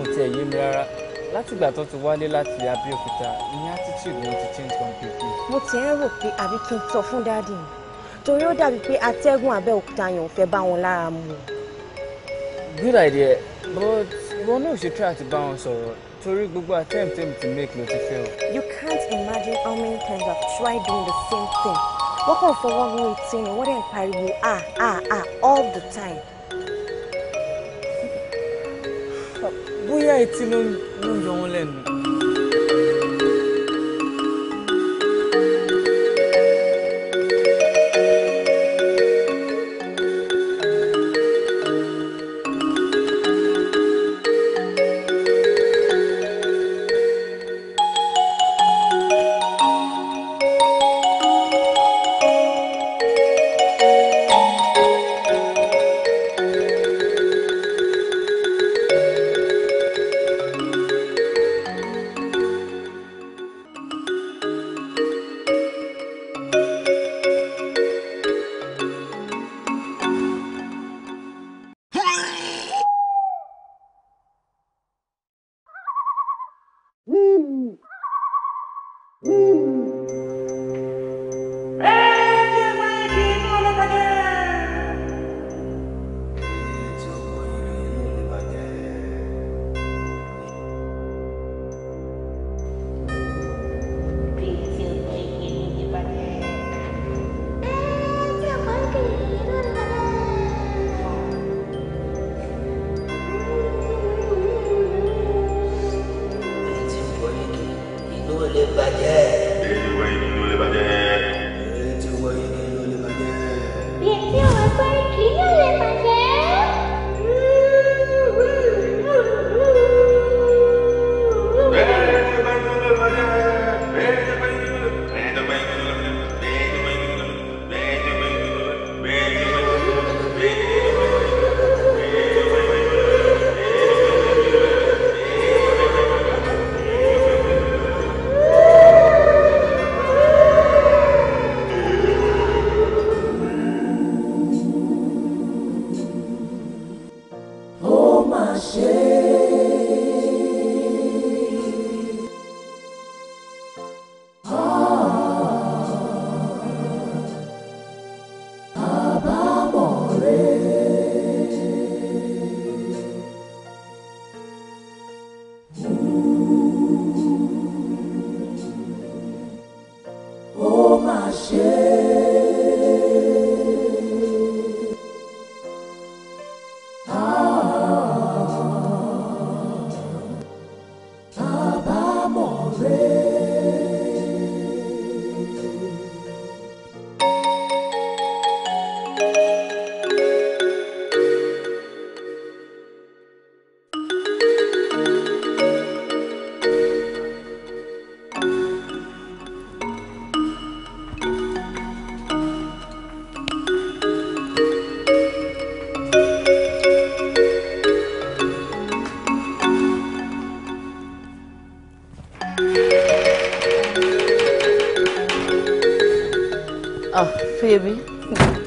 ohun tí ẹ yé mi rárá látìgbà tó ti wálé láti Abẹ́òkúta ní attitude mo ti change completely. mo ti ń rò pé àbí kí n sọ fún dáàdì mi torí ó dàbí pé atẹ́gùn Abẹ́òkúta yẹn ò fẹ́ bá wọn lára mu. good idea but wọn náà ṣe try to bá wọn sọ̀rọ̀ torí gbogbo attempt tèmi ti make ló ti fail. you can't imagine how many times I've tried doing the same thing wọ́n kàn fọwọ́ rú etí ni wọ́n dẹ̀ ń pariwo ah ah ah all the time. bóyá etí ló ń yọ baby.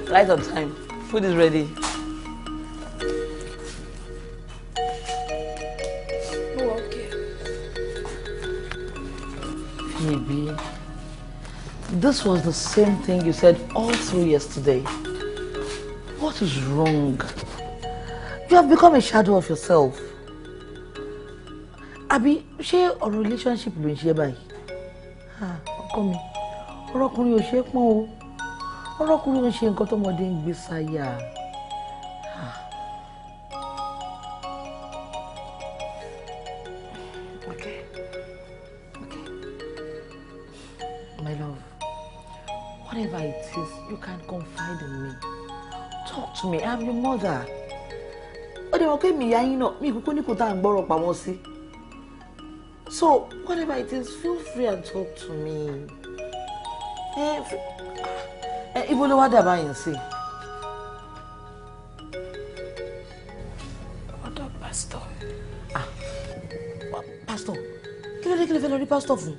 right on time. Food is ready. Oh, okay. Phoebe, this was the same thing you said all through yesterday. What is wrong? You have become a shadow of yourself. Àbí ṣé a relationship with ń ṣe báyìí? Ah, ọkọ mi, ọ̀rọ̀ ọkùnrin ò ṣe o ọlọ́kùnrin ń ṣe nǹkan tọmọdé ń gbé sáyà. Okay. Okay. My love, whatever it is, you can confide in me. Talk to me, I'm your mother. Ó dẹ̀ wọ́n pé mi ìyá yín náà mi ìkúkú ní kò tá à ń gbọ́rọ̀ pamọ́ sí. So whatever it is, feel free and talk to me. Eh, ibo ló wá dàbá yẹn sí. ọ̀dọ̀ pásítọ̀. Ah, pásítọ̀ kí ló dé kí ló fẹ́ lọ rí pásítọ̀ fún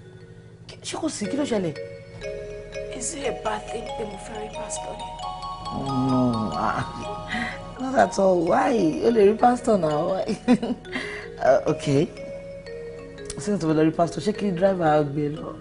ṣé kò sí kí ló ṣẹlẹ̀. is it a bad thing pé mo fẹ́ rí pásítọ̀ ni. no hmm, ah, not at all why you're the rí pásítọ̀ náà why uh, okay since o the lọ rí pásítọ̀ ṣé kí dírábà gbé lọ.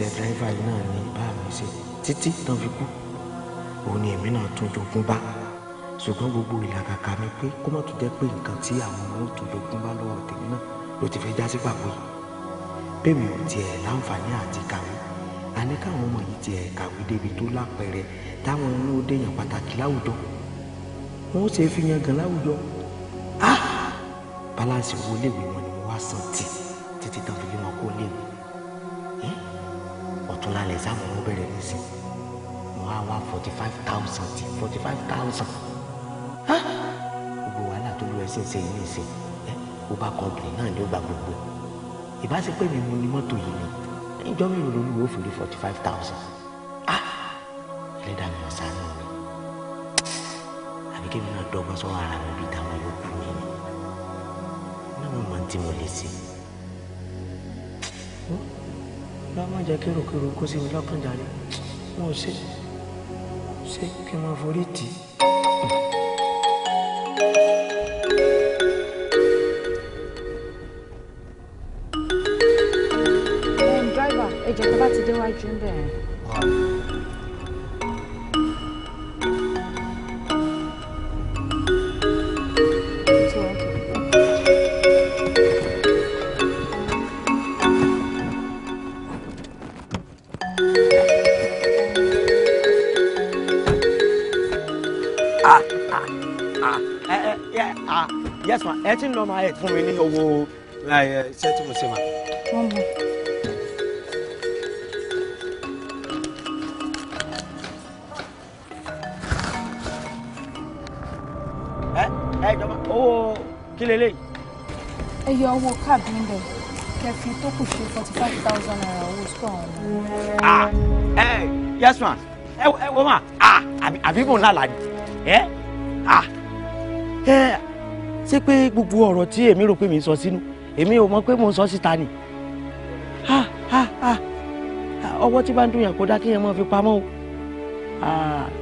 ẹsẹ̀ dírẹ́fà yìí náà ni bá mi ṣe títí tán fi kú òun ni èmi náà tún jogún bá ṣùgbọ́n gbogbo ìlàkàkà mi pé kó má tún jẹ́ pé nǹkan tí àwọn ọmọ tó jogún bá lọ́wọ́ tèmi náà ló ti fẹ́ já sí pàpọ̀ yìí bẹ́ẹ̀mi ò tiẹ̀ láǹfààní àti kàwé a ní káwọn ọmọ yìí tiẹ̀ kàwé débi tó lápẹẹrẹ táwọn inú ó déyàn pàtàkì láwùjọ wọn ó ṣe fi yẹn gan láwùjọ ah balance wo léwu wọn ni wọn wá sàn tì forty five thousand gbogbo wàhálà tó lu ẹsẹ̀ ṣe yìí ṣe ẹ ó bá kọ́ńtìrì náà ní ó gba gbogbo ìbáṣepẹ́ mi mu ni mọ́tò yìí ni ìjọ mi ló lórí òfin ní forty five thousand ah ẹlẹ́dàá mi ọ̀sán náà ni àbí kí mi náà dọ́gbọ́n sọ́wọ́ ara mi bíi táwọn yòókù yìí ni náà mo máa ń tí mo lè ṣe lọ́mọ jẹ́ kérokéro kó sí mi lọ́kàn jáde wọn ò ṣe é. Que che mă lọ máa ẹ̀ fún mi ní owó eh, iṣẹ́ tí mo ṣe mà. wọ́n mọ̀. ẹ ẹ jọba owó kí leléyìí. ẹ yọ owó káàdì ń bẹ̀ kẹfì tó kù ṣe forty five thousand naira owó sùpọ̀ àwọn. ah ẹ yes ma ẹ wọ́n ma ah àbí mò ń lálàá ni ẹ ah ẹ ṣé pé gbogbo ọ̀rọ̀ tí èmi rò pé mi ń sọ sínú èmi ò mọ̀ pé mo ń sọ síta ni ọwọ́ tí bá ń dùn yàn kó dá kéèyàn máa fi pamọ́ o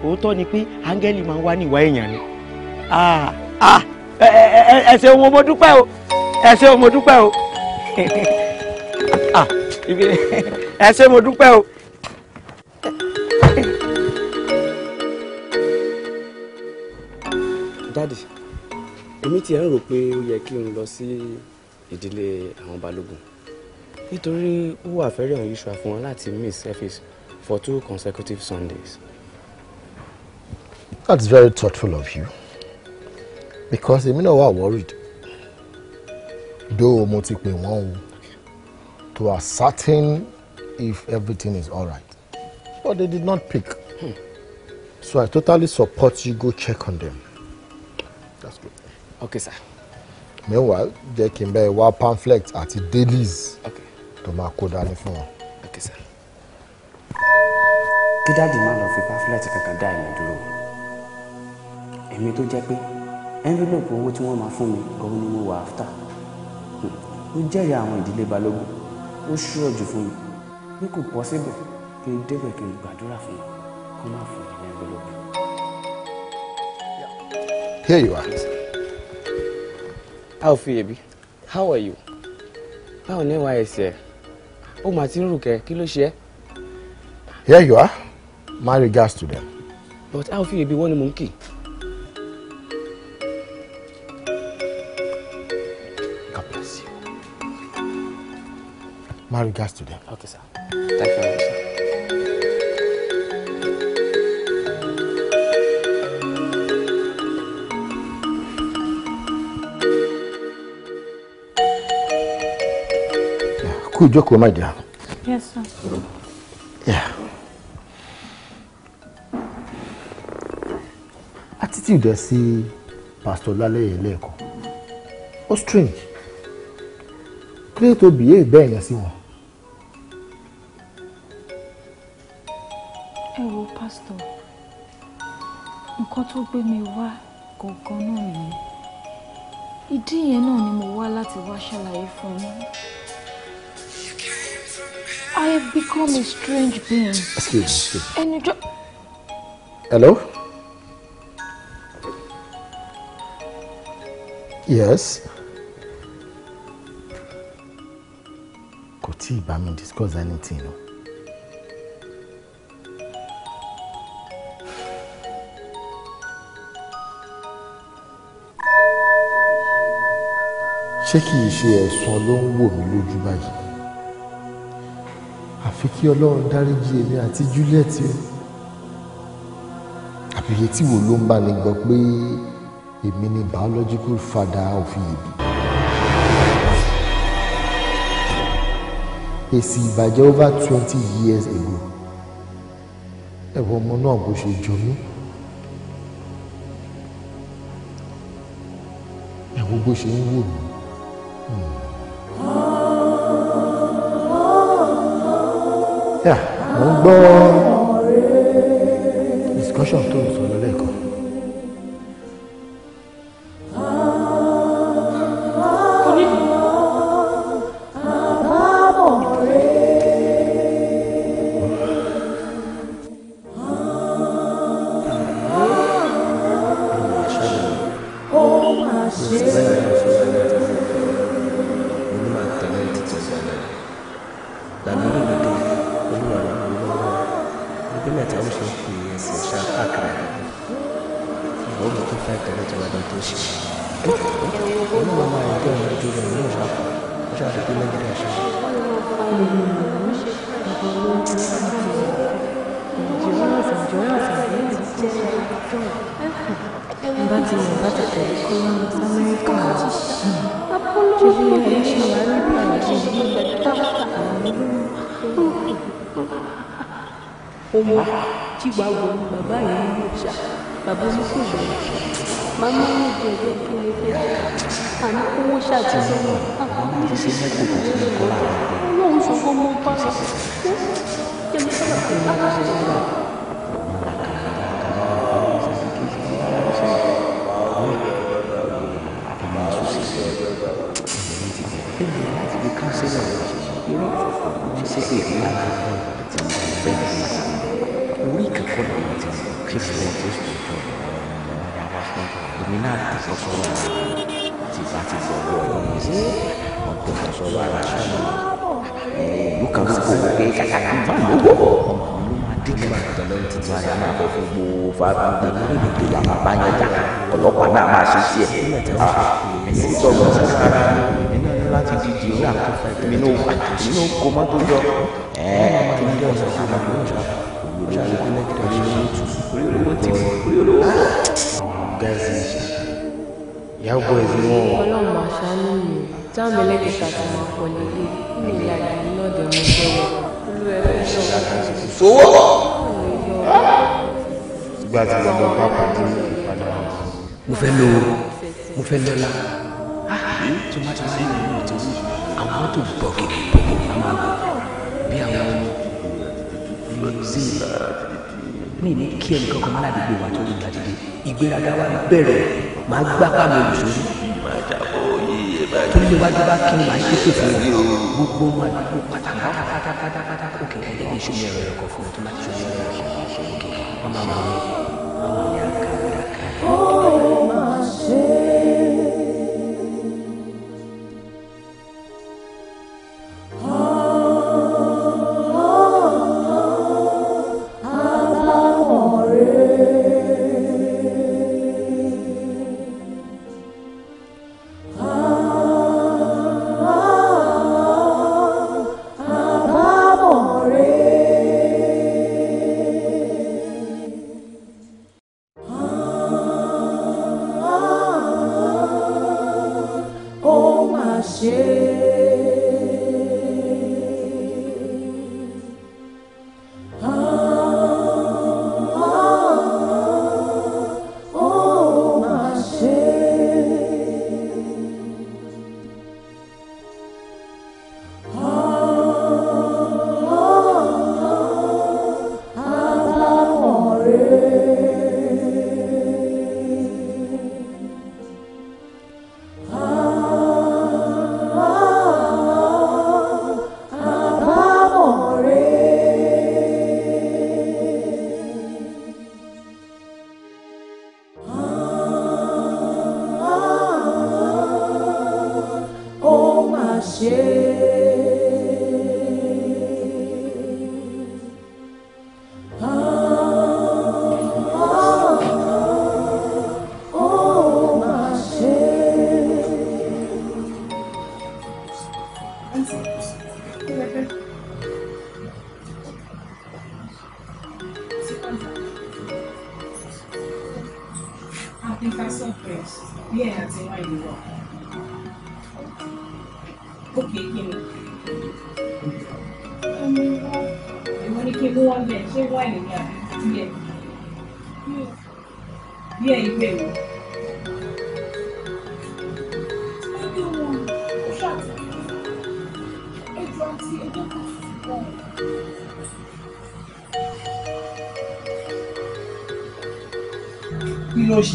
òótọ́ ni pé áńgẹ́lì máa ń wá ní ìwà èèyàn ni ẹ ṣé o mo dúpẹ́ o ẹ ṣé o mo dúpẹ́ o ẹ ṣé mo dúpẹ́ o. tiẹ̀ ń rò pé ó yẹ kí n lọ sí ìdílé àwọn balógun nítorí ó wà fẹ́rẹ̀ unusual fún wọn láti miss service for two consecutive Sundays. That's very thoughtful of you because èmi náà wà worried though mo ti pè wọ́n o to ascertain if everything is alright but they did not pick hmm. so I totally support you go check on them okay sir. meanwhile jẹ́ kí n bẹ́ẹ̀ wá pamphlet àti dailies tó máa kó dání fún wọn. okay sir. kí dáàdì má lọ fi pamphlet kankan dá èmi dúró èmi tó jẹ́ pé envelope owó tí wọ́n máa fún mi òun ni mo wà after ó hmm. jẹ́rìí àwọn ìdílé balógun ó ṣúrọ̀ jù fún mi bí kò possible kí n débẹ̀ kí n gbàdúrà fún mi kó má fún mi ní envelope. Here you are. Alfie how are you? How ní ìwà ẹsẹ̀ ó mà ti ń rùkẹ́ kí ló ṣe here you are my regards to them. but how wọ́n ni one monkey? God bless you. My regards to them. kú ìjókòó má jà. Yes Yeah. attitude ẹ sí pastor lálẹ́yẹ lẹ́ẹ̀kan ó strange kí ló tó bìyẹ́ bẹ́ẹ̀ yẹn sí wọn. ẹ wo pastor nǹkan tó gbé mi wá gangan náà nìyẹn ìdí yẹn náà ni mo wá láti wá ṣàlàyé fún yín I have become a strange being. Excuse me. Excuse And you just... Hello? Yes. Kò tí ì discuss anything o. Ṣé kìí ṣe ẹ̀sùn ló ń wò mí lójú báyìí? àfi kí ọlọ́run dáríjì èmi àti Juliet o àbíyẹ wo ló ń bá ní gbọ́ pé èmi ni biological father of Iyebi. èsì ìbàjẹ́ over twenty years ago ẹ̀wọ̀ ọmọ náà bó ṣe jọ mí ẹ̀wọ̀ bó ṣe ń wò mí. Hmm. Yeah, ń gbọ́ discussion tó ń sọ̀rọ̀ lẹ́ẹ̀kan. gazi ya boys ni wọn. ọlọ́run àṣánú mi táàmì lẹ́kẹ̀ẹ́ta tó máa pọ̀ nílé ní ìyá ìlú náà dẹ̀ mú sọ́wọ́ sowó wọ. ìgbà tí mo lọ bá pàdé ìpadà wọn. mo fẹ́ lọ mo fẹ́ lọ́la tó má ti wáyé nínú ọ̀tún àwọn mọ́tò bọ̀ kékeré bọ̀ kékeré bọ̀ bí àwọn ọmọ sí i mi ní kí ẹnìkan kan aládùúgbò wa tó ń gbàdìde ìgbéraga wa bẹ̀rẹ̀ máa gbá pàmò olùsórí. torí iwájú bá kí n máa ṣe pé fún mi gbogbo wọn àdúgbò pátápátá òkè ẹgbẹ́ ìṣòro ẹ̀rọ ẹ̀kọ́ fún mi tó máa ti ṣòro ẹ̀rọ ẹ̀kọ́ òkè wọn máa máa wọ àwọn ìyá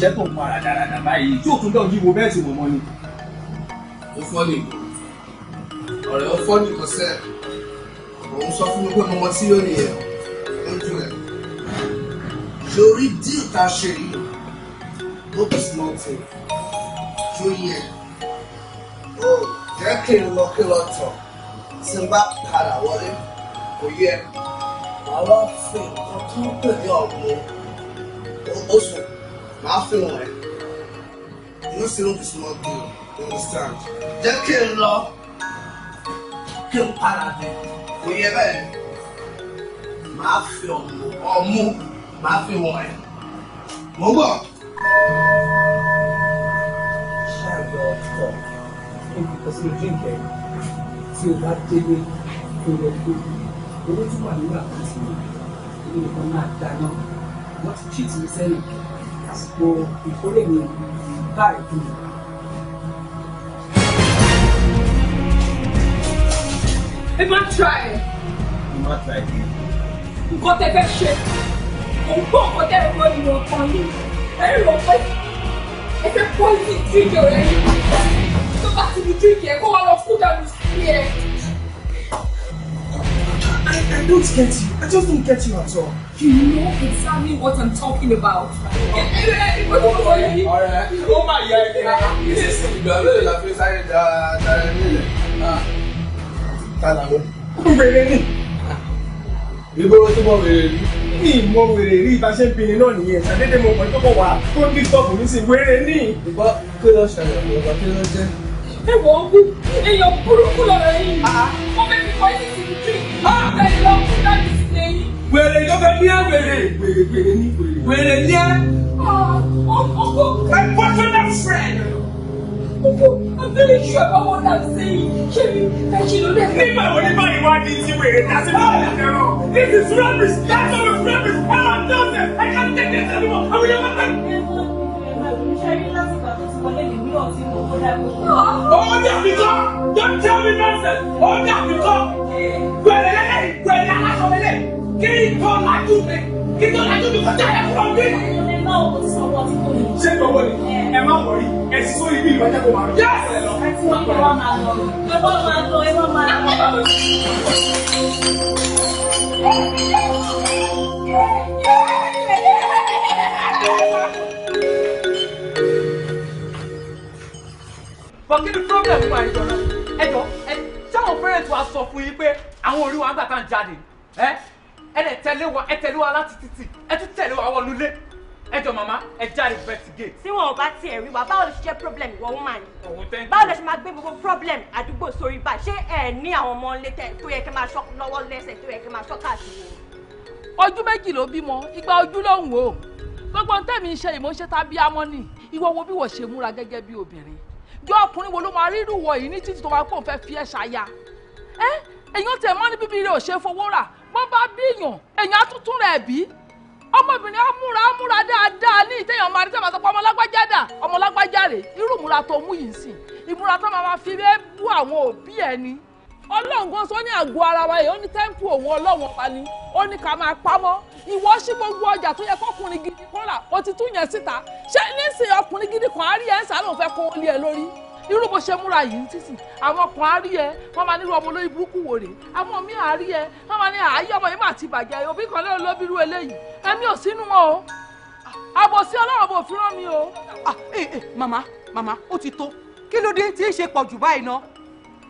iṣẹ́ tó ń para dáradára báyìí tí òtún dán yíwo bẹ́ẹ̀ sì wọ̀ mọ́ ni. ó fọ́ ní ọ̀rẹ́ ó fọ́ ní kọ́sẹ́ òun sọ fún mi pé mo mọ tí ó nìyẹn lójú ẹ̀ lórí díì tá ṣe yìí lókè sí lọ́tì tó yẹ ó jẹ́ kí n lọ kí n lọ tọ̀ tí n bá padà wọlé kò yẹ àwọn fi nǹkan tó ń I feel like you know say this be small deal you understand Then kill n kill kí n padà dé kò yẹ bẹ́ẹ̀ màá fi ọmú màá fi wọ̀n ẹ̀ mo gbọ́. ṣáàyọ ọkọ níbi kan sí ojú ìgbẹ́ tí o bá délé kó lọ kó owó tí wà nínú àpótí mi nínú kan máa àsìkò ìkórè mi ẹ má try ẹ. ẹ má try ẹ. nǹkan tẹ fẹ́ ṣe òun gbọ́ ọ̀kan tẹ́lẹ̀ mọ́ ni wọ́n kàn yín ẹ rò pé ẹ fẹ́ pọ́ìsì díríkì ọ̀rẹ́ yín pàtó tó bá ti di díríkì kó wá lọ kú dànù sí ẹ. I don't get you. I just don't get you at all. You know exactly what I'm talking about. Ọ̀rẹ́ ó mà yá ẹ kí ìgbà mélòó la fi sáré dáadáa nílẹ̀ tààlà wọn. Wèrè ni. Ìgboro tó mọ wèrè rí. Mi mọ wèrè rí bá ṣe ń pinni náà nìyẹn. Ṣàdédé mo kàn tó kọ̀ wá tó ń disturb mi sí wèrè ní. Ìgbà kí ló ṣẹlẹ̀ ìgbà kí ló jẹ́. Ẹ wọ ọkú, èèyàn burúkú lọ́rọ̀ yìí. Mo ah. fẹ́ fi kọ́ ẹ́ sí wèrè tó fẹ́ ní ẹ wèrè wèrè ní wèrè ní ẹ. Ah, ah, ah, my personal friend. I'm very sure about what I'm saying. Sherry, that she don't have. Nígbà wo nígbà yìí wá di ti wèrè láti mú ìlànà ẹ̀rọ? This is rubbish. That's all rubbish. Power does it. I can't take this anymore. I will never take it. ọmọ ní because? don't tell me nonsense ọmọ ní àbíkọ́ gbẹ̀rẹ̀ lẹ́lẹ́ gbẹ̀rẹ̀ aláṣọ lẹ́lẹ́ kí ikọ́ lajú mi kí ikọ́ lajú mi kọjá ẹ̀ fún ọdún yìí. ṣé gbogbo ni ẹ má wọrí ẹ sì sórí bí ìbàjẹ́ kò máa rí. yẹ́sì ẹ lọ. ẹ ti wọ́n pẹ̀lú ọmọ àlọ́ ẹ wọ́n máa lọ ẹ wọ́n máa lọ. Yeah. but kí ni problem fún àìjọ náà ẹ jọ ẹ táwọn parents wa sọ fún yín pé àwọn orí wa ń gbà tá à ń jáde ẹ ẹ lè tẹ̀lé wa ẹ tẹ̀lé wa láti títì ẹ tún tẹ̀lé wa wọnú ilé ẹ jọ màmá ẹ jáde investigate. tí wọn ò bá tiẹ̀ rí wa báwo ló ṣe jẹ́ problem ìwọ woman ni. òun tẹ́ báwo ló ṣe máa gbé gbogbo problem àdúgbò sórí bá ṣé ẹ ní àwọn ọmọ ilé tẹ tó yẹ kí máa ṣọ́ lọ́wọ́ lẹ́sẹ̀ tó yẹ kí máa ṣọ́ káàkiri. ojú méjì ló bímọ igba ojú ló ń wò ó gbogbo tẹ́mi ń ṣe ìmọ̀ọ́ṣẹ́ tá a bí amọ́ ni ìwọ wo bí wọ́n ṣe múra gẹ́gẹ́ bí obìnrin jọ ọkùnrin wo ló máa rírù wọ yìí ní títí tó máa kó fẹ́ fi ẹ́ ṣaya ẹ èèyàn tẹ̀ mọ́ ní bíbí rẹ̀ ò ṣe fowó rà bó bá bíyàn èèyàn á tuntun rẹ̀ bí ọmọbìnrin á múra á múra dáadáa ní ìtẹ̀yàn máa rí tẹ̀ máa sọ pé ọmọlágbájá dà ọmọlágbájá rè irú ìmúra tó mú yìí sìn ìmúra tó máa fi bẹ́ẹ̀ bú àwọn òbí ẹni ọlọ́run gan sọ ní àgọ́ ara wa yìí ó ní tẹ́ǹpù òun ọlọ́run ọba ni ó ní ká máa pamọ́ ìwọ ṣí gbogbo ọjà tó yẹ kọkùnrin gidi kan rà ó ti tú yẹn síta ṣé nísìnyí ọkùnrin gidi kan á rí ẹ ń sá lóun fẹ́ kó lé ẹ lórí irú bó ṣe múra yìí sísì àwọn kan á rí ẹ wọn máa nílò ọmọ olóyìn burúkú wò rè àwọn míì á rí ẹ wọn máa ní ààyè ọmọ yìí mà ti bàjẹ́ òbí kan lẹ́nu lóbi irú eléyìí ẹ̀mí ò sínú wọn o àbòsí ọlọ́run bò fi rán mi o. Ah, eh, eh, màmá màmá ó ti tó kí ló dé tí ń ṣe pọ̀ jù báyìí náà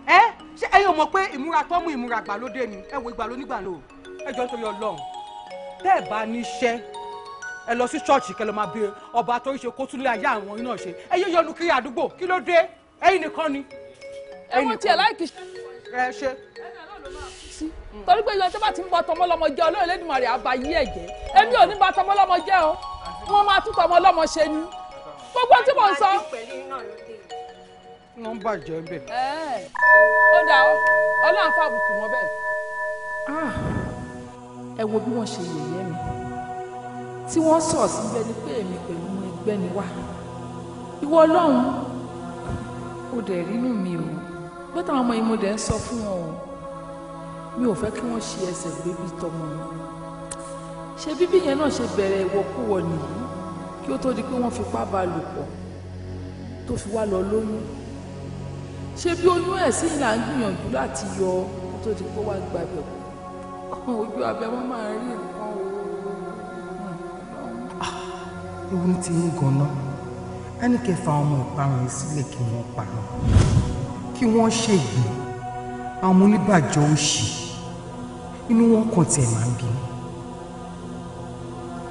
ẹ ṣé ẹ̀yin ò mọ̀ pé ìmúra tó mú ìmúra gbàlódé ni ẹ wo ìgbàlódé nígbàló ẹ jọ nítorí Ọlọ́run tẹ́ ẹ bá níṣẹ́ ẹ lọ sí ṣọ́ọ̀ṣì kẹ́ lọ máa bí ọba tó ń ṣe kó túnlé ayé àwọn iná ṣe ẹ yé yọnu kiri àdúgbò kí ló dé ẹ̀yin nìkan ni. ẹ̀wọ̀n tiẹ̀ láìkì. ẹ ṣe. torí pé ìyọ̀n tó bá ti ń bọ tọmọlọmọ jẹ́ olóyè lẹ́dùnmọ̀ rẹ̀ àbá yí ẹ̀jẹ̀ èmi ò ní bá tọmọlọmọ jẹ́ o wọ́n máa tún tọmọlọmọ ṣe ni gbogbo tí mò ń sọ wọ́n bàjẹ́ ń bẹ̀. ó dà ó ọlọ́run fàbùkù wọn bẹ́ẹ̀. Ah, ẹ wo bí wọ́n ṣe yẹ̀yẹ́ mi tí wọ́n sọ̀ síbẹ̀ ni pé èmi pẹ̀lú ẹgbẹ́ ni wá ìwọ ọlọ́run ó dẹ̀ rínú mi o gbé táwọn ọmọ yìí mo dẹ̀ ń sọ fún wọn o mi ò fẹ́ kí wọ́n ṣe ẹsẹ̀ gbébí tọmọ mi ṣe bíbí yẹn náà ṣe bẹ̀rẹ̀ ìwọ̀kuwọ̀ nìyí kí ó tó di pé wọ́n fipá bá a lò pọ̀ tó fi wá lọ lóyún ṣé bí oyún ẹ̀ sí ìlà ń gbìyànjú láti yọ ọ tó ti kó wá gbàgbẹ́ kú ojú abẹ wọn máa rí nǹkan o. Ah, ewu ti ń ganan á ní kẹfà ọmọ ìparun yìí sílẹ̀ kí wọ́n parun kí wọ́n ṣègbè àwọn oníbàjọ́ òṣì inú wọn kàn tiẹ̀ máa ń bínú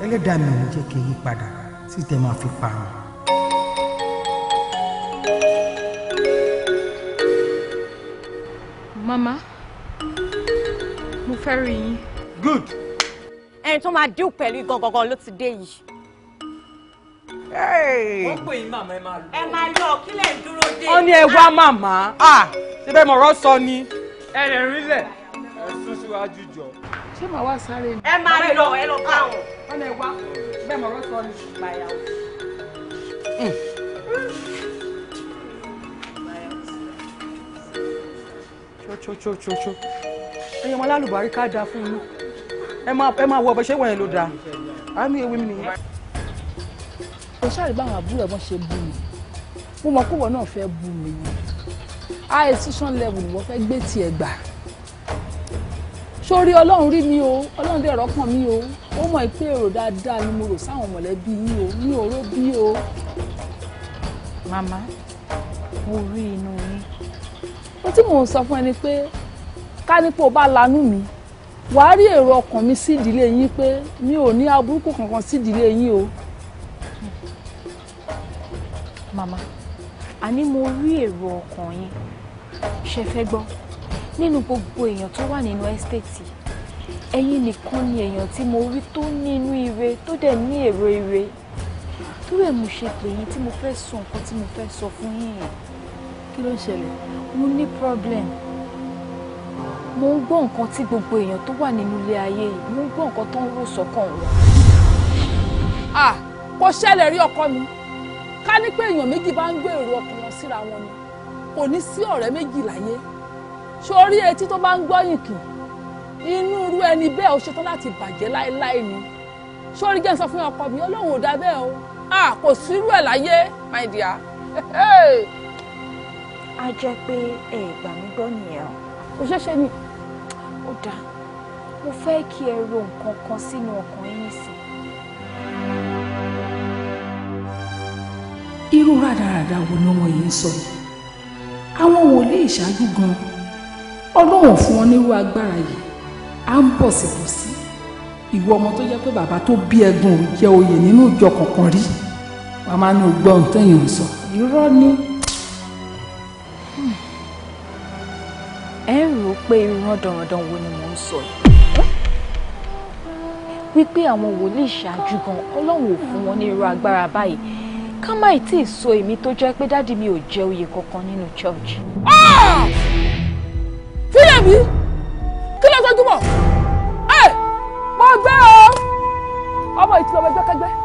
ẹlẹ́dàá mi ò ní jẹ́ kí n yí padà sí tẹ́ máa fi parun. mama mo fẹ́ rí yín. good. ẹni tó máa dín pẹ̀lú gangan ló ti dé yìí. wọ́n pè yín màmá ẹ máa lọ. ẹ máa lọ kí lẹ̀ ń dúró dé. wọ́n ní ẹ wá màmá síbẹ̀ mọ̀rọ̀ sọ ni. ẹ lè rí lẹ̀ ẹ sún síwájú jọ. ṣé màá wá sáré ni. ẹ máa lọ ẹ lọ bá wọn. wọ́n lè wá síbẹ̀ mọ̀rọ̀ sọ ni. bàyà o. ṣoṣoṣoṣo ẹ̀yin ọmọ alálùbárí ká dáa fún yín ẹ máa wọ ọbẹ̀ ṣé wọ̀nyẹn ló dáa àmì ewé mi nìyẹn. kò sáré báwọn àbúrò ẹ̀gbọ́n ṣe bú mi mo mọ̀ kówọ náà fẹ́ bú mi ni high station level ni wọ́n fẹ́ gbé tiẹ̀ gbà sórí ọlọ́run rí mi o ọlọ́run dẹ̀ rọ́pọ̀n mi o ó mọ̀ pé èrò dáadáa ni mo rò sáwọn mọ̀lẹ́bí yín o mi ò ró bí o. màmá mo rí inú ó tí mò ń sọ fún ẹni pé ká ní bá lanú mi wàá rí èrò ọkàn mi sí ìdílé yín pé mi ò ní aburúkú kankan sí ìdílé yín o. màmá àní mo rí èrò ọkàn yín ṣe fẹ́ gbọ́ nínú gbogbo èèyàn tó wà nínú ẹ́stéètì ẹ̀yin nìkan ni èèyàn tí mo rí tó nínú ire tó dẹ̀ ní èrò ire tó rẹ̀ mo ṣe pè yín tí mo fẹ́ sọ nǹkan tí mo fẹ́ sọ fún yín yẹn kí ló ṣẹlẹ̀ mo ní problem mo ń gbọ́ nǹkan tí gbogbo èèyàn tó wà nínú ilé ayé yìí mo ń gbọ́ nǹkan tó ń rò sọ́kàn wọn. à kò ṣẹlẹ̀ rí ọkọ mi ká ní pé èèyàn méjì bá ń gbé èrò ọkàn wọn síra wọn ni kò ní sí ọ̀rẹ́ méjì láyé sórí etí tó bá ń gbọ́ yìnkì inú irú ẹni bẹ́ẹ̀ ó ṣetán láti bàjẹ́ láéláé ni sórí jẹ́ sọ fún ọkọ mi ọlọ́run ò dá bẹ́ẹ̀ o à kò sírú ẹ̀ láyé my dear. á jẹ́ pé ẹ gbà mí gbọ́ nìyẹn o ṣẹ̀ṣẹ̀ ni ó dáa mo fẹ́ kí ẹ ro nǹkan kan sínú ọkàn yín sí. irú rádaràda wo ni ọmọ yìí ń sọ yìí àwọn wòlíì ṣáájú gan ọlọ́run fún wọn nírú agbára yìí à ń bọ̀ síbò sí ìwọ ọmọ tó jẹ́ pé bàbá tó bí ẹ̀gbọ́n jẹ oyè nínú ìjọ kọ̀ọ̀kan rí màmá ní ògbọ́n tẹ̀yìn ń sọ irọ́ ni. ẹ ń rò pé irú rándanrandan wo ni mò ń sọ yìí wípé àwọn wòlíì ṣáájú gan ọlọ́run ò fún wọn ní irú agbára báyìí ká má ì tí ì so èmi tó jẹ́ pé dádì mi ò jẹ oyè kankan nínú chọ́ọ̀chì. fílẹ̀ mi kí ló fẹ́ túbọ̀ ẹ mo gbé o ọmọ ìtura ọmọ ẹgbẹ́kẹ́gbẹ́.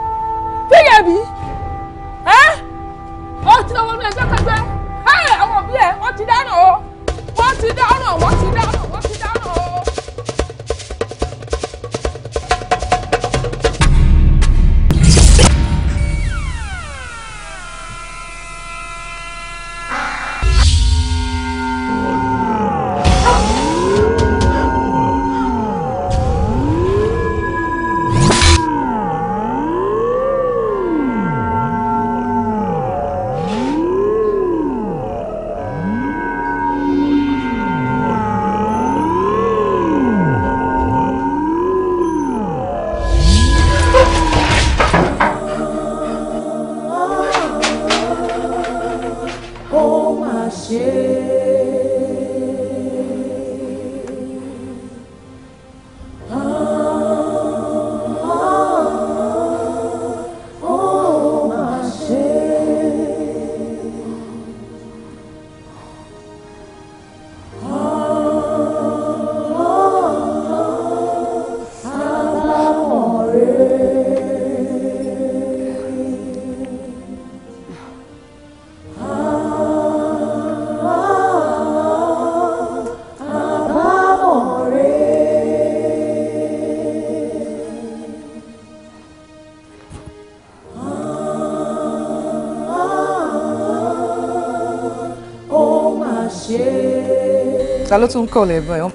ló tún ń kọ̀ lẹ́bọ̀ ẹ̀.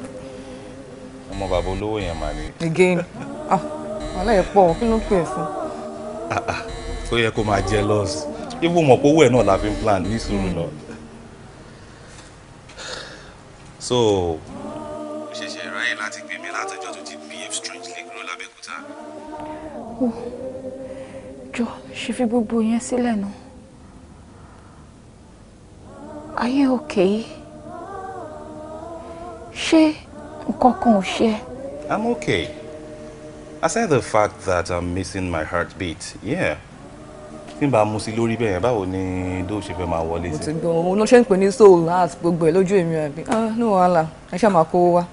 ọmọ bàbá olówó yẹn mà ní. again ah, wàhálà ẹ̀ pọ̀ kí ló ń pè é fún. Ah, ah, ó yẹ kó máa jealous ibo mọ̀ pé owó ẹ̀ náà la fi ń plan ní ìṣòro náà. so. ó ṣẹ̀ṣẹ̀ ráyè láti gbé mi látọjọ́ tó ti behave strangely kúrò lábẹ́kúta. jọ ṣe fi gbogbo yẹn sílẹ̀ nù. Are you okay? ṣé nǹkan kan ṣe. I'm okay. Aside the fact that I'm missing my heartbeat, yeah. Tí n bá mu sí lórí bẹ́ẹ̀ báwo ni Dó ṣe fẹ́ máa wọlé sí? Mo ti gbọ́, mo ló ṣe ń pè ní soul heart gbogbo ẹ̀ lójú èmi àbí. Ah, no wàhálà, ẹ ṣáà máa kówó wá.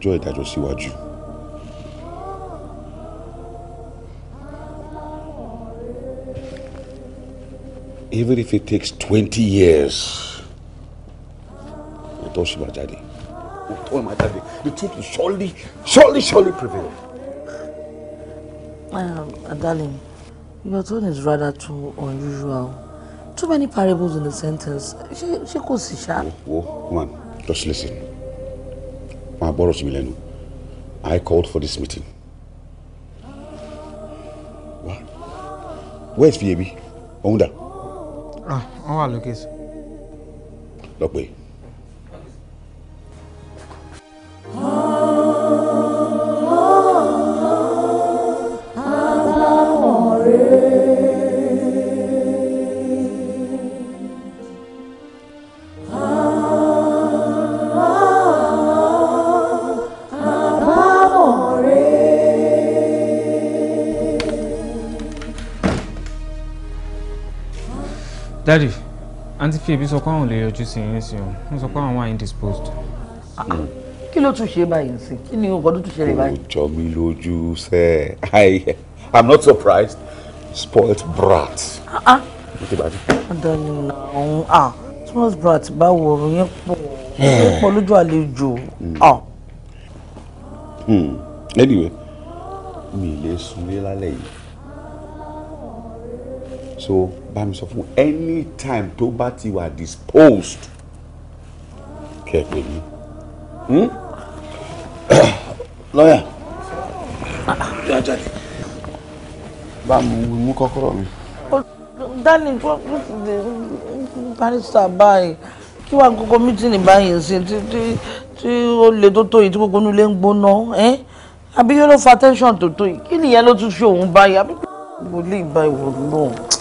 ọjọ́ ìdájọ́ síwájú. Even if it takes twenty years òótọ́ sì máa jáde òótọ́ máa jáde the truth will surely surely surely prevail. Um, uh, darling, your tone is rather too unusual. Too many parables in the sentence. Ṣé kò sí ṣá? Wo, on, just listen gbọ́rọ̀ sí I called for this meeting. What? Where's is Fiyebi? Ah, wọ́n wà lókè sí. Lọ pè Daddy, Aunty Phoebe sọ pé àwọn lè yọjú sí yín sí o. Wọ́n sọ pé àwọn wà indisposed. Ah, kí ló tún ṣe báyìí sí? Kí ni nǹkan tó tún ṣẹlẹ̀ báyìí? Kò jọ mi lójú sẹ́, I am not surprised. Spoilt brat. Ah, ah. Mo ti bàjẹ́. Adàlù làwọn ah spoilt brat báwo ọ̀rọ̀ yẹn pọ̀ yẹn pọ̀ lójú àlejò. Hmm. Hmm. Anyway, mi ì lè sunlé lálẹ́ yìí. So bá mi sọ fún anytime tó bá ti wà disposed kẹ́ ẹ pè mí. Hmm? lọ́yà bá mi mú kọ́kọ́rọ́ mi. dani barista báyìí kí wàá kókó mítìnì báyìí ṣe tí ó le tó tó yìí tí gbogbo inú ilé ń gbóná àbí yóò lọ fa attention tó tó yìí kí nìyẹn ló tún ṣe òun báyìí àbí kò lè ba ìwọ náà.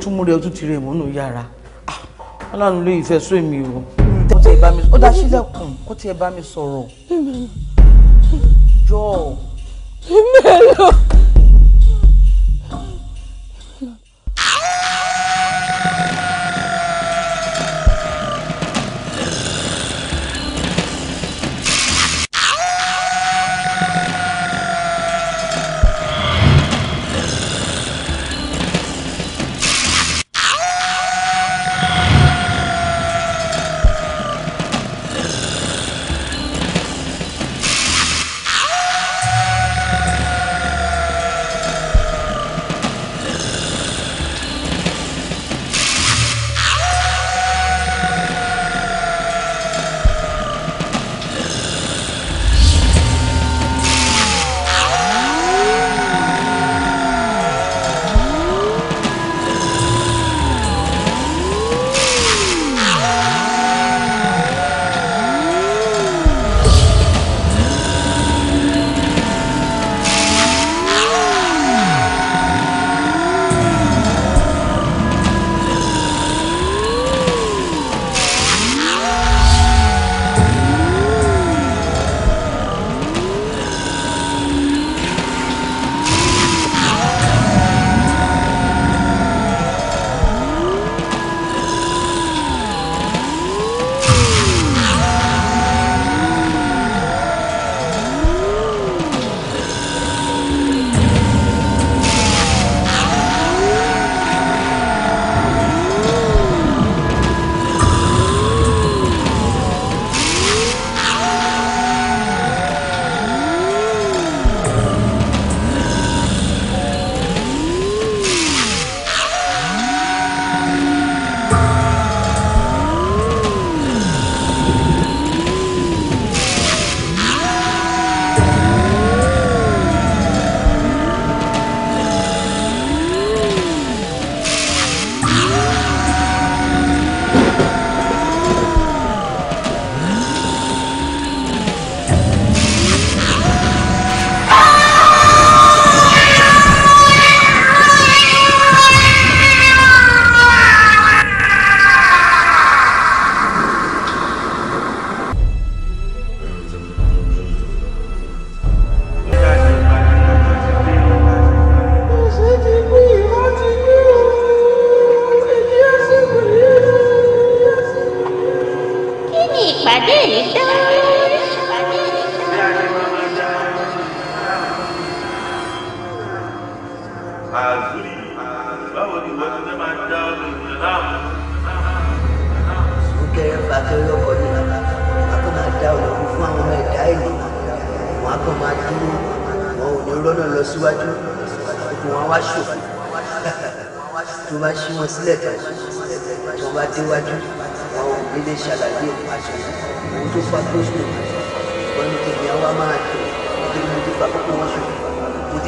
tún múre ọtún ti rè mọ́nú yàrá ah, ọlọ́run ló ìfẹ́ sọ èmi o kó tiẹ̀ bá mi ó dá sílẹ̀kùn kó tiẹ̀ bá mi sọ̀rọ̀ jọ̀ọ́. mélòó.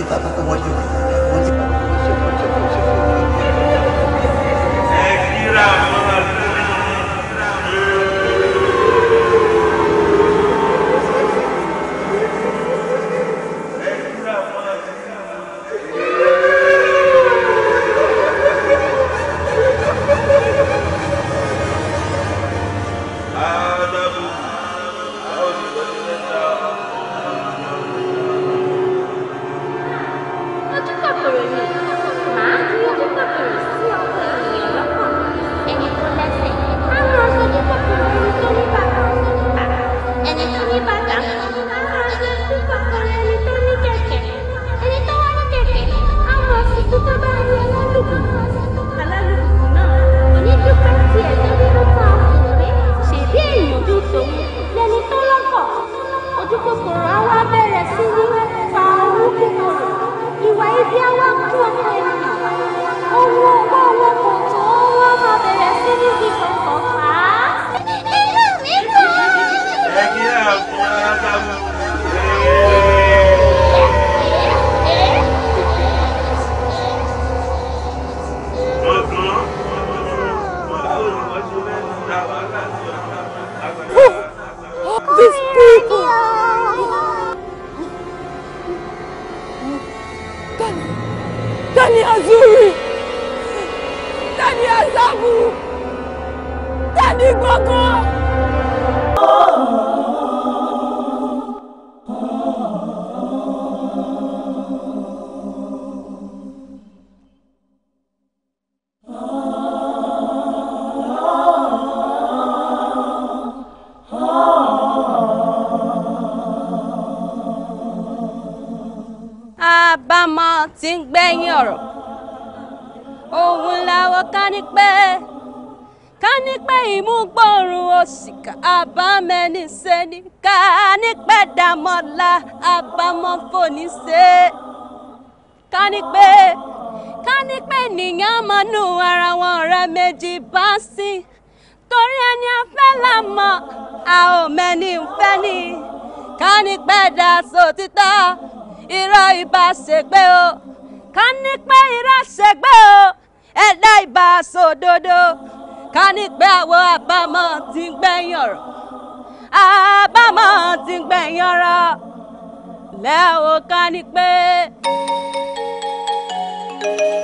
kita satu wajib ká ní pé ká ní pé nìyàn mọ́nú ara wọn ọ̀rẹ́ méjì bá sí torí ẹni afẹ́ là mọ̀ a ò mẹ́ni fẹ́ ni ká ní pé dá sòtítọ́ irọ́ ibà ṣègbé o ká ní pé irọ́ ṣègbé o ẹ̀dá ibà sòdodo ká ní pé àwọn àbámọ̀ ti ń gbẹ̀yìn ọ̀rọ̀ àbámọ̀ ti gbẹ̀yìn ọ̀rọ̀ lẹ́ ká ní pé. Thank you.